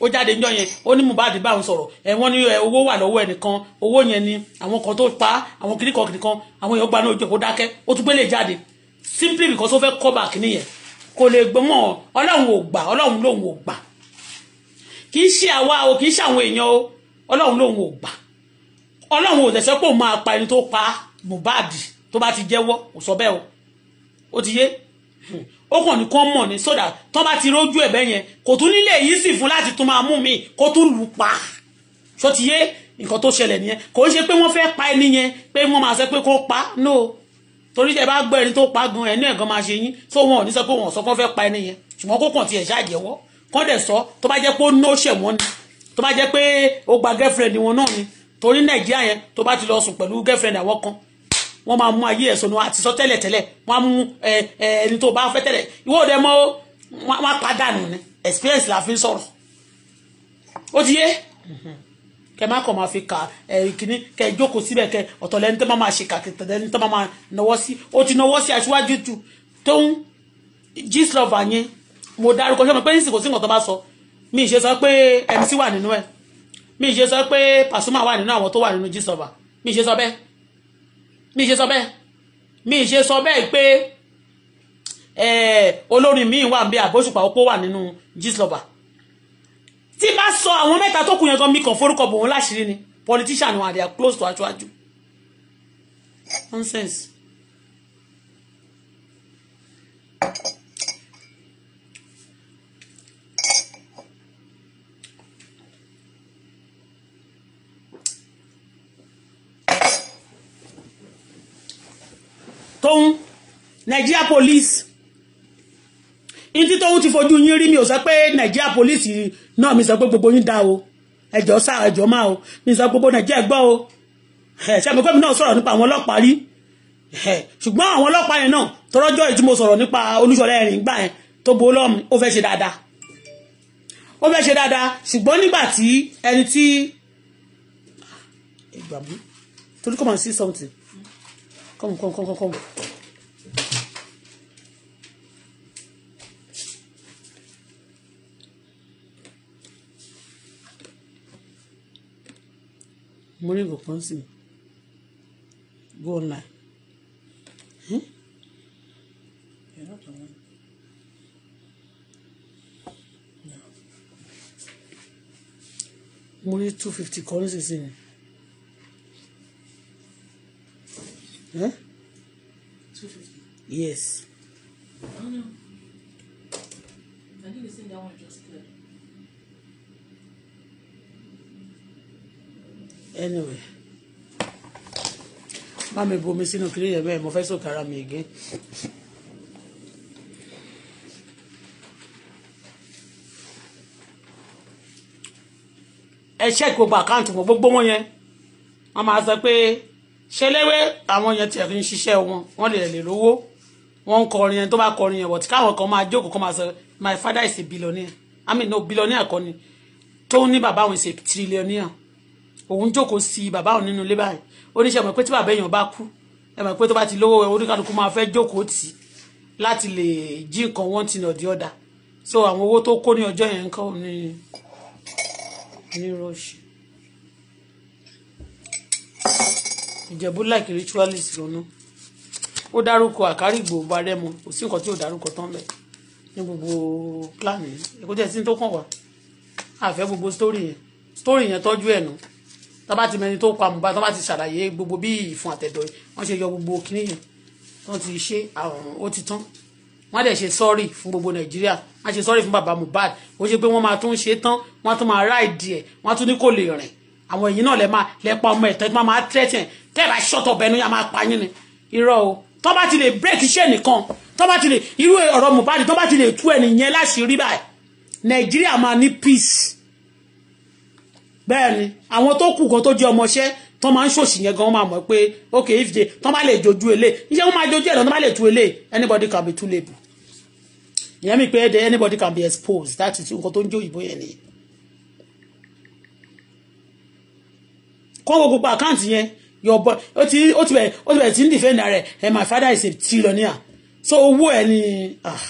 ó jáde ńjọ́ yẹn ó ní Mohbad bá òun sọ̀rọ̀ ẹ ní owó wà lọ́wọ́ ẹnìkan owó yẹn ni àwọn kan tó pa àwọn kìnnìkan kìnnìkan àwọn èèyàn gba náà jẹ́ dákẹ́ ó tún gbélé jáde simply because ó fẹ́ cover kìnnì yẹn kò lè gbọ́mọ̀ ọlọ́run ò gbà ọlọ́run lòun ò gbà kì í ṣe àwa o kì í ṣe àwọn èèyàn o ọlọ́run lòun ò gbà ọlọ́run ò tẹ̀sẹ̀ pò máa pa ẹni tó pa Mohbad tó bá ti jẹ́wọ́ kò ó kàn ní kán mọ̀ ní sódà tán bá ti rójú ẹ̀bẹ́ yẹn kò tún nílé yìí sì fún láti tún máa mú mi kó tún lù pa ṣó ti yé nǹkan tó ṣẹlẹ̀ nìyẹn kò ń ṣe pé wọ́n fẹ́ pa ẹni yẹn pé wọ́n máa sọ pé kó pa no torí tẹ bá gbọ́ ẹni tó pa gan ẹni ẹ̀gan máa ṣe yín tó wọn ò ní sọ pé wọn ò sọ pé wọ́n fẹ́ pa ẹni yẹn ṣùgbọ́n kó kàn tiẹ̀ ṣáàjẹ́wọ́ kán dẹ̀ sọ tó bá jẹ́ pé ó ná ṣẹ̀wọ́n ni tó bá jẹ́ pé ó gba girlfriend wọn náà ni torí nàìjíríà yẹn tó bá ti lọ sùn pẹ̀lú girlfriend àwọn kan wọ́n máa mú ayé ẹ̀ sọnù àti sọ tẹ́lẹ̀ tẹ́lẹ̀ wọ́n á mú ẹni tó bá fẹ́ tẹ́lẹ̀ ìwọ òde mọ́ wọ́n á pàdánù ni experience la fi ń sọ̀rọ̀ ó ti yé kẹ má kàn máa fi kà kínní kẹ jókòó síbẹ̀ kẹ ọ̀tọ̀ lẹni tó máa máa ṣe kà kẹtẹ̀ lẹni tó máa máa nọwọ́ sí ó ti nọwọ́ sí aṣíwájú tù tó ń gíslọ́ọ̀fà yẹn mo dárúkọ ṣé pé nísìkò sí nǹkan tó bá sọ mi ì ṣe sọ pé MC wà nínú ẹ̀ mi ì ṣe sọ pé Pasuma wà nínú àwọn tó wà nínú gíslọ́ọ̀fà mi ì ṣe sọ bẹ́ẹ̀ mi ṣe sọ bẹ́ẹ̀ mi ṣe sọ bẹ́ẹ̀ pé olórin mi wà níbi àbóṣùpá opó wà nínú gíslọ́bà tí bá sọ àwọn mẹ́ta tó kù yẹn gan mi kàn forúkọ bò wọ́n láṣìírí ni politician wọn àdìyà close to aṣáájú nonsense. tóun Nigeria police ní tí tóun ti fojú yín rí mi ò sọ pé Nigeria police náà mi sọ pé gbogbo yín dá o ẹjọ́ sá ẹjọ́ máa o mi sọ gbogbo Nigeria gbọ́ o ṣàmì gómìnà náà sọ̀rọ̀ nípa àwọn ọlọ́pàá rí ṣùgbọ́n àwọn ọlọ́pàá yẹn náà tọrọjọ́ ìtumọ̀ sọ̀rọ̀ nípa Olúṣọlá ẹ̀rìn gbà yẹn tó bo lọ́mù ó fẹ́ ṣe dáadáa ó fẹ́ ṣe dáadáa ṣùgbọ́n nígbà tí ẹni tí torí come and see something Kom, kom, kom, kom, kom. Mo rí ìgò kan sí mi. Go online. Hmm? You're not Mo rí two fifty kan sí mi. Eh? Two fifty. Yes. don't oh, know. I think the same that one just cleared. Anyway. Má mi bomi sínú kiri yẹn bẹ́ẹ̀ mo fẹ́ so ara mi again. Ẹ ṣẹ́ẹ̀kì gbogbo àkáǹtì wọn gbogbo wọn yẹn. Wọ́n máa sọ pé ṣẹlẹ́wẹ́ àwọn yẹn tiẹ̀ fi ń ṣiṣẹ́ wọn wọ́n lè lè lówó wọ́n ń kọrin yẹn tó bá kọrin yẹn wọ̀ tí káwọn kan máa jókòó kan máa sọ my father is a billionaire i mean no billionaire kọ́ ni tó ní bàbá òun is a trillionaire òun jókòó sí bàbá òun nínú ilé báyìí oníṣẹ́ mọ̀ pé tí bàbá èèyàn bá kú ẹ mọ̀ pé tó bá ti lówó oníkàlùkù máa fẹ́ jókòó tì láti lè jí nǹkan one thing or the other so àwọn owó tó kó ní ọjọ́ yẹn ń kọ́ ní ní rọ́ọ̀ṣì. ìjẹ̀bú like ritualist lọ́nà ó dárúkọ àkárìgbò barẹ́mu kò sí nǹkan tí ò dárúkọ tán bẹ́ẹ̀ ní gbogbo plan yìí èkó jẹ́ sí ní tó kàn wá àfẹ́ gbogbo story yẹn story yẹn tọ́jú ẹ̀ nù tọ́ba ti mẹni tó pa Mohbad tọ́ba ti ṣàlàyé gbogbo bí ìfun àtẹ̀dọ̀ wọ́n ṣe yọ gbogbo kinní yẹn wọ́n ti ṣe àrùn ó ti tán wọ́n dẹ̀ ṣe sọ́ọ̀rì fún gbogbo nàìjíríà wọ́n ṣe sọ́ọ̀rì fún bàbá Mohbad ó ṣe pé wọ́n máa tún ṣe tán wọ́n tún máa ráìdì ẹ̀ wọ́n tún ní kò lè rìn àwọn èyí náà lẹ́ máa ọmọ ẹ̀tọ́ tí wọ́n máa tẹ́tẹ̀ tẹ́ bá shut up ẹnu yà máa pa yín ni irọ́ o tó bá ti lè break iṣẹ́ nìkan tó bá ti lè irú ọ̀rọ̀ Mohbad tó bá ti lè tú ẹni yẹn láti rí báyìí Nàìjíríà máa ní peace bẹ́ẹ̀ ni àwọn tó kù kan tó jẹ́ ọmọọṣẹ́ tọ́ máa ń ṣòṣì yẹn gan máa mọ̀ pé ok if they tọ́ bá lè jojú ele iṣẹ́ wọn máa jojú ẹ̀ lọ́nà bá lè tu ele anybody can be too late ìyẹn mi pé ẹ̀dẹ̀ anybody can be exposed that is nǹkan tó ń jó òyìnbó yẹn nìyẹn kọ́ gbogbo àkáǹtì yẹn your boy ó ti ó ti bẹ̀rẹ̀ ó ti bẹ̀rẹ̀ tí ń defend rẹ̀ eh, my father is a trillionaire so owó ẹ̀ ni ah.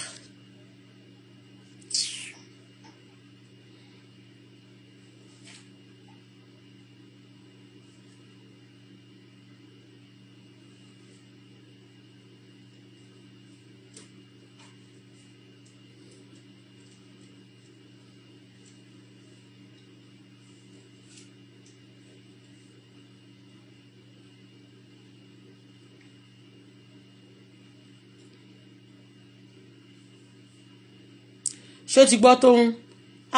ṣó ti gbọ́ tóun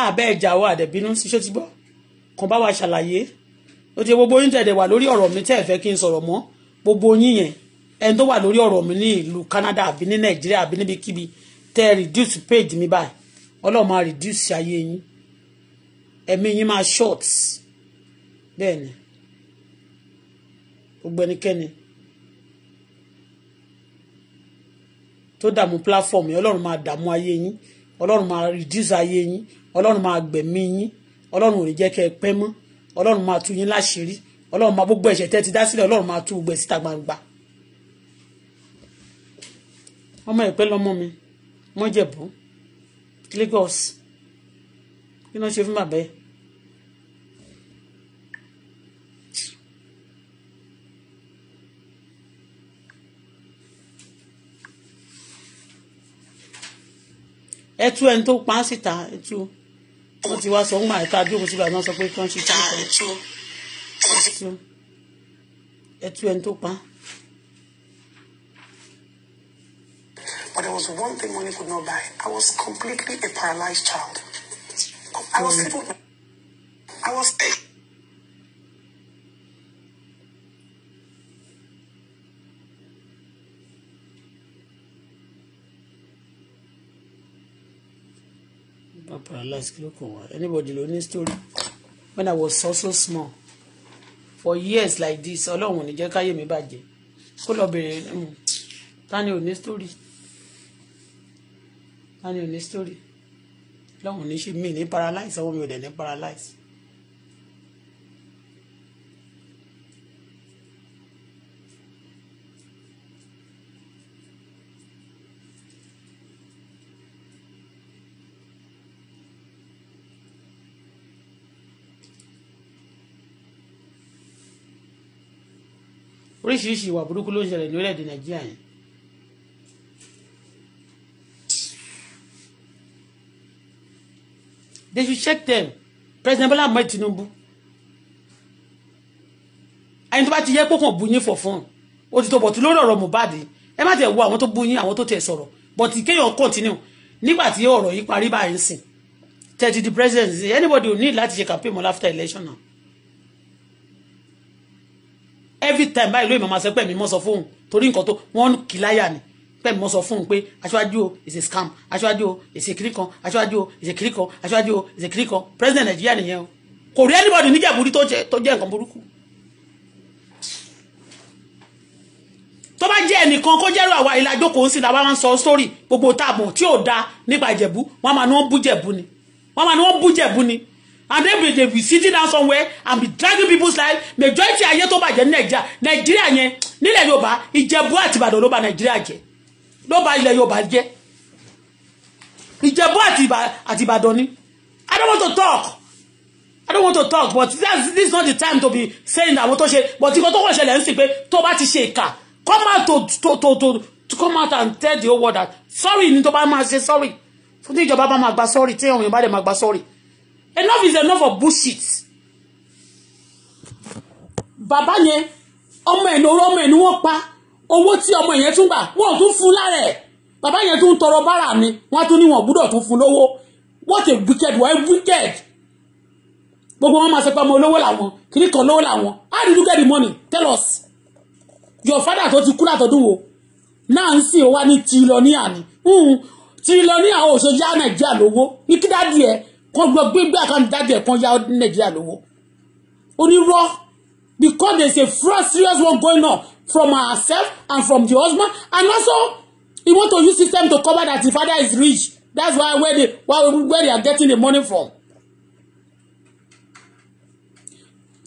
àbẹ́ ìjà wa àdẹ̀bínú sí ṣó ti gbọ́ kàn bá wa ṣàlàyé ó ti gbogbo yín tẹ̀dẹ̀ wà lórí ọ̀rọ̀ mi tẹ́ ẹ̀ fẹ́ kí n sọ̀rọ̀ mọ́ gbogbo yín yẹn ẹni tó wà lórí ọ̀rọ̀ mi ní ìlú Canada àbí ní Nàìjíríà àbí níbikíbi tẹ́ ẹ reduce page mi báyìí ọlọ́run máa reduce ayé yín ẹ̀mí yín máa short bẹ́ẹ̀ ni gbogbo ẹnikẹ́ni tó dààmú platform yẹn ọlọ́run máa dààmú ayé yín ọlọ́run máa reduce ayé yín ọlọ́run máa gbẹ̀mí yín ọlọ́run ò ní jẹ́ kẹ́ ẹ pẹ́ mọ́ ọlọ́run máa tú yín láṣìírí ọlọ́run máa gbogbo ẹ̀ṣẹ̀ tẹ́ ti dá sílẹ̀ ọlọ́run máa tú gbogbo ẹ̀ síta gbangba. ọmọ ìpẹ́ lọ́mọ mi wọ́n Lagos kí ni wọ́n ṣe fún bàbá yẹn ẹ tú ẹni tó pa á síta ẹ tú wọn ti wá sọ ń gbà ẹ ká bí òun sọ pé kí wọn ṣe tú ẹ tú ẹni tó pa á. But there was one thing money could not buy. I was completely a paralyzed child. I was able. Hmm. I was. not paralyzed kí ló anybody ló ní story when i was so so small for years like this ọlọ́run ò ní carry me mi bàjẹ́ kó lọ bèrè hmm, tani ò ní story tani ò ní story Long when she me, they paralyzed. paralyze ọwọ́ mi ò dẹ̀ ní oríṣiríṣi ìwà burúkú ló ń ṣẹlẹ̀ lórílẹ̀‐èdè nàìjíríà yẹn they should check them president bola ahmed tinubu ẹni tó bá ti yẹ kó kàn bu yín for fun ó ti tó bọ̀tú lórí ọ̀rọ̀ mohbad ẹ má tẹ̀ wo àwọn tó bu yín àwọn tó tẹ̀ sọ̀rọ̀ but kéèyàn continue nígbà tí ọ̀rọ̀ yìí parí báyìí sìn tẹ̀tí the president anybody who ní láti ṣe campaign mọ́ after election náà every time báyìí lóyún màmá sọ pé mi mọ́ sọ fóun torí nǹkan tó wọ́n kì láyà ni pé mi mọ́ sọ fóun pé aṣáájú o is a scam aṣáájú o is a kiri kan aṣáájú o is a kiri kan aṣáájú o is a kiri kan president nàìjíríà nìyẹn o kò rí anybody níjẹ̀bùrí tó jẹ́ nǹkan burúkú. tó bá jẹ́ ẹnìkan kó jẹ́rú àwa ìlàjókòó ń sì làwọn máa ń sọ sórí gbogbo táàbùn tí ò da nípa ìjẹ̀bú wọ́n máa ní wọ́n bú jẹ̀bú ni wọ́n máa ní wọ́n bú jẹ̀bú ni and then they be sitting down somewhere and be dragging people's life majority ayé tó bàjẹ́ ní nàìjíríà nàìjíríà yẹn nílẹ̀ yorùbá ìjẹ̀bú àti ìbàdàn ló bà nàìjíríà jẹ́ ló bà ilẹ̀ yorùbá jẹ́ ìjẹ̀bú àti ìbàdàn ni i don't want to talk i don't want to talk but this is not the time to be saying àwọn tó ṣe but nǹkan tó kàn ṣẹlẹ̀ ń sìn pé tó bá ti ṣe ìkà come out to to to to to come out and tell the whole world that sorry ni tó bá máa ṣe sorry fún tí ìjọba bá máa gba sorry tí àwọn èèyàn bá dẹ̀ máa gba sorry enough is enough of bullshit bàbá yẹn ọmọ ẹ̀ ní ọmọ ẹ̀ ní wọ́n pa owó tí ọmọ yẹn tún gbà wọ́n tún fún lára ẹ̀ bàbá yẹn tún tọrọ bára mi wọ́n tún níwọ̀n gbúdọ̀ tún fún lówó what a wicked why wicked gbogbo wọn máa sọ pé ọmọ olówó làwọn kìíní kan lówó làwọn how did you get the money tell us your father tó ti kú látọdún wo náà ń sìn wá ní tìlọ́níà ni hmm, tìlọ́níà ò ṣe yá nàìjíríà lówó ní kí dádì ẹ̀ kan lọ gbégbé àkáǹtì dájú ẹ̀ kan yá nàìjíríà lówó onírọ́ because there is a fraud serious one going on from herself and from the husband and also he want to use system to cover that the father is rich that's why where they why, where they are getting the money from.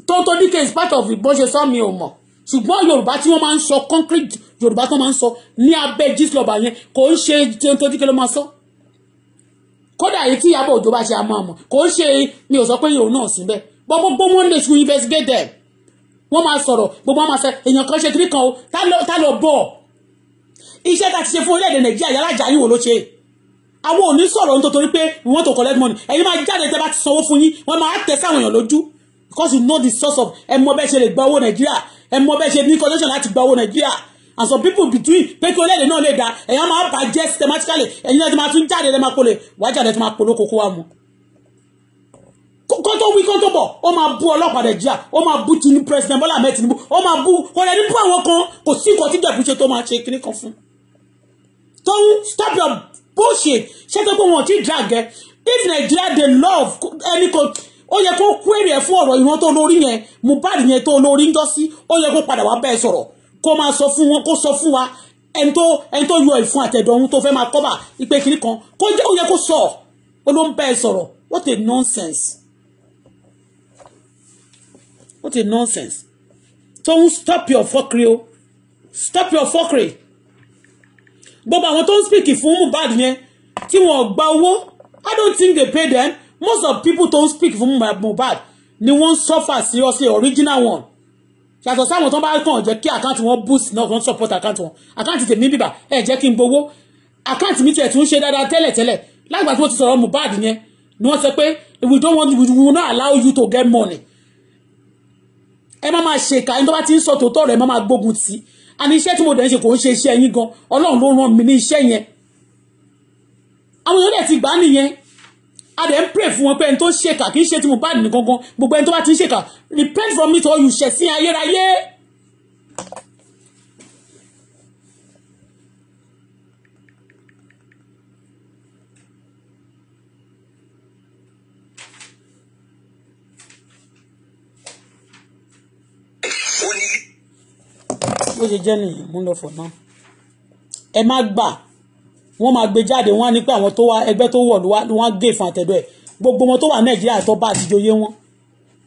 Tonto Dike is part of ìbọn ṣe sọ mi ò mọ̀ ṣùgbọ́n Yorùbá tí wọ́n máa ń sọ concrete Yorùbá tó máa ń sọ ní abẹ́ gist lọ́ba yẹn kò ń ṣe Tonto Dike ló máa sọ. So kódà èyí tí Ìyábọ̀ Òjó bá ṣe àmọ́ àmọ́ kò ń ṣe mi ò sọ pé yòó náà síbẹ̀ bọ́ gbogbo wọn lè ṣu investigate them wọ́n máa sọ̀rọ̀ gbogbo wọn máa sọ èèyàn kan ṣe kiri kan o ta ló bọ̀ iṣẹ́ ta ti ṣe fún orílẹ̀-èdè Nàìjíríà yàrá ìjàyìn wo ló ṣe àwọn ò sọ̀rọ̀ nítorí pé we want to collect money ẹ̀yin máa jáde tẹ́ bá ti sanwó fún yín wọ́n máa tẹ̀ sáwọn èèyàn lójú because you know the source of ẹ mọ bẹ́ẹ̀ ṣe lè gba owó Nàìjíríà ẹ mọ bẹ́ẹ̀ ṣe ní condition láti gba owó Nàìjíríà and some people between pé kí olóòdè náà lè da ẹ̀yàn máa bàjẹ́ systematically ẹ̀yin náà ti máa tún jáde lẹ́ẹ̀ máa kó lè wájà lẹ́ẹ̀ ti máa polo kókó wa mu kó tó wí kó tó bọ̀ ó máa bú ọlọ́pàá nàìjíríà ó máa bú tinubu president bọ́lá ahmed tinubu ó máa bú ọ̀rẹ́ ní bú àwọn kan kò sí nǹkan tí dẹ̀kun ṣe tó máa ṣe kíní kan fún. tó ń stop your bullshit ṣé tó pé wọn ò drag ẹ if nigeria dey love ẹni kan ó yẹ kó kú èrè ẹ fún ọ̀rọ̀ ìwọ̀n tó lórí yẹn mohbad yẹn tó lórí ń jọ sí ó yẹ kó padà wá bẹ́ẹ̀ sọ̀rọ̀ kó máa sọ fún wọn kó sọ fún wa ẹni tó ẹni tó yọ ìfun àtẹ̀dọ̀ ohun tó fẹ́ máa kọ́bà ìpè kiri kan kó jẹ́ òye kó sọ ó ló ń bá sọ̀rọ̀ what a nonsense what a nonsense so stop your fuckery o stop your fuckery gbogbo àwọn tó ń speak fún Mohbad yẹn tí wọn gba owó I don't think they pay them most of people tó ń speak fún Mohbad ni wọ́n suffer seriously original one yàtọ̀ sáwọn tó bá kàn jẹ́ kí àkáǹtì wọn boost náà kan support àkáǹtì wọn àkáǹtì tèmi bíbà ẹ jẹ́ kí n gbowó àkáǹtì mi tiẹ̀ tún ṣe dáadáa tẹ́lẹ̀ tẹ́lẹ̀ lágbà tí wọ́n ti sọ̀rọ̀ Mohbad yẹn ni wọ́n sọ pé we don't want we will not allow you to get money ẹ má máa ṣe ìka ẹni tó bá ti ń sọ tòótọ́ rẹ̀ ẹ má máa gbógun tì àní iṣẹ́ tí mo dẹ̀ ń ṣe kò ń ṣe iṣẹ́ yín gan Ọlọ́run ló ràn mí ní iṣẹ́ yẹn àwọn èèyàn a dẹ̀ ń pray fún wọn pé ẹni tó ń ṣèkà kì í ṣe tí mo bá nì gangan gbogbo ẹni tó bá ti ń ṣèkà repent from it or you ṣẹ̀sìn ayérayé. bó ṣe jẹ́ nìyí mú fọ̀ náà ẹ má gbà wọ́n máa gbé jáde wọ́n á ní pé àwọn tó wá ẹgbẹ́ tó wọ̀ ló wá gé fún àtẹ̀dọ́ ẹ̀ gbogbo wọn tó wà nàìjíríà tó bá àtijọ́ yé wọn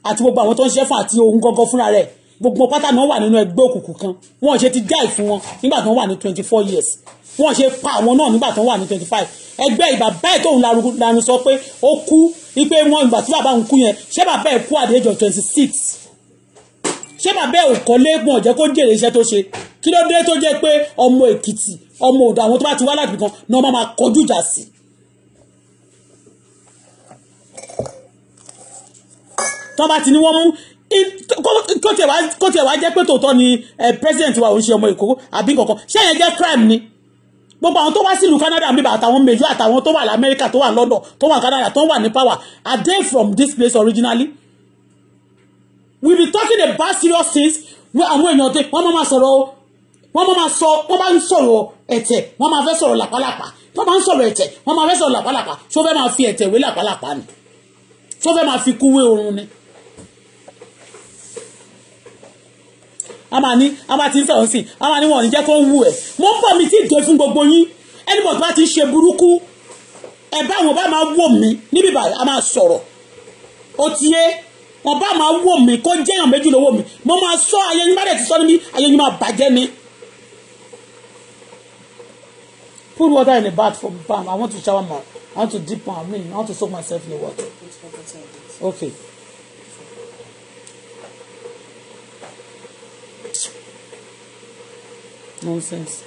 àti gbogbo àwọn tó ń ṣiṣẹ́ fún àti ohun gangan fúnra rẹ̀ gbogbo pátá náà wà nínú ẹgbẹ́ òkùnkùn kan wọ́n ṣe ti dáì fún wọn nígbà tó wà ní twenty four years wọ́n ṣe pa àwọn náà nígbà tó wà ní twenty five ẹgbẹ́ ìgbà báyìí tóun lanu sọ pé ó kú wípé wọn ìgbà tí bàbá òun kú yẹn ṣé bàbá ẹ̀ kú at the twenty six ṣé bàbá ẹ̀ ò kọ́ léegun ọ̀jẹ́ kó jèrè iṣẹ́ tó ṣe kí ló dé tó jẹ́ pé ọmọ èkìtì ọmọ ọ̀dọ̀ àwọn tó bá ti wá láti kan náà máa máa kọjú ìjà sí. tó bá ti ní wọ́n mú kó tiẹ̀ wá jẹ́ pé tòótọ́ ni eh, president wa ò ń ṣe ọmọ Èkó àbí kankan ṣé yẹn jẹ́ crime ni gbogbo àwọn tó wá sílùú Canada níbà àtàwọn méjì àtàwọn tó wà lamẹ́ríkà tó wà London tó wà Canada tó wà ní power are they from this place originally we be talking about serious things àwọn èèyàn tẹ wọn máa sọ̀rọ̀ wọ́n máa sọ wọ́n máa ń sọ̀rọ̀ ẹ̀tẹ̀ wọ́n máa fẹ́ sọ̀rọ̀ làpálàpá tó máa ń sọ̀rọ̀ ẹ̀tẹ̀ wọ́n máa fẹ́ sọ̀rọ̀ làpálàpá tó fẹ́ máa fi ẹ̀tẹ̀ wé làpálàpá ni tó fẹ́ máa fi kú oorun ni. a máa ní a máa ti ń sọ̀rọ̀ sí a máa ní wọn ò ní jẹ́ kó wù ẹ̀ mo ń bọ̀ mi tí ì dé fún gbogbo yín anybody bá ti ṣe burúkú ẹ̀ bá wọn bá máa wò mí níbí báyìí a máa sọ̀rọ̀ ó ti yé wọn bá máa wò mí kó jẹ́yàn méjì lówó mi mo máa sọ ayẹyẹ bá dẹ̀ ti sọ níbi ayẹyẹ máa bàjẹ́ ni. put water in a bath for palm i want to shower my i want to dip my i mean i want to soak myself in the water okay nonsense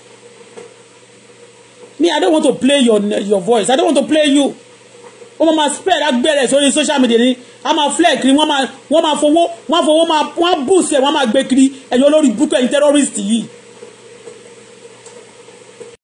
me i don't want to play your your voice i don't want to play you Oh my, wọ́n máa spread agbẹ́rẹ́ sórí social media I'm a máa one, my one máa wọ́n one for one, my one boost ẹ̀ wọ́n máa gbé kiri ẹ̀yin olórí búkú ẹ̀yin terrorist yìí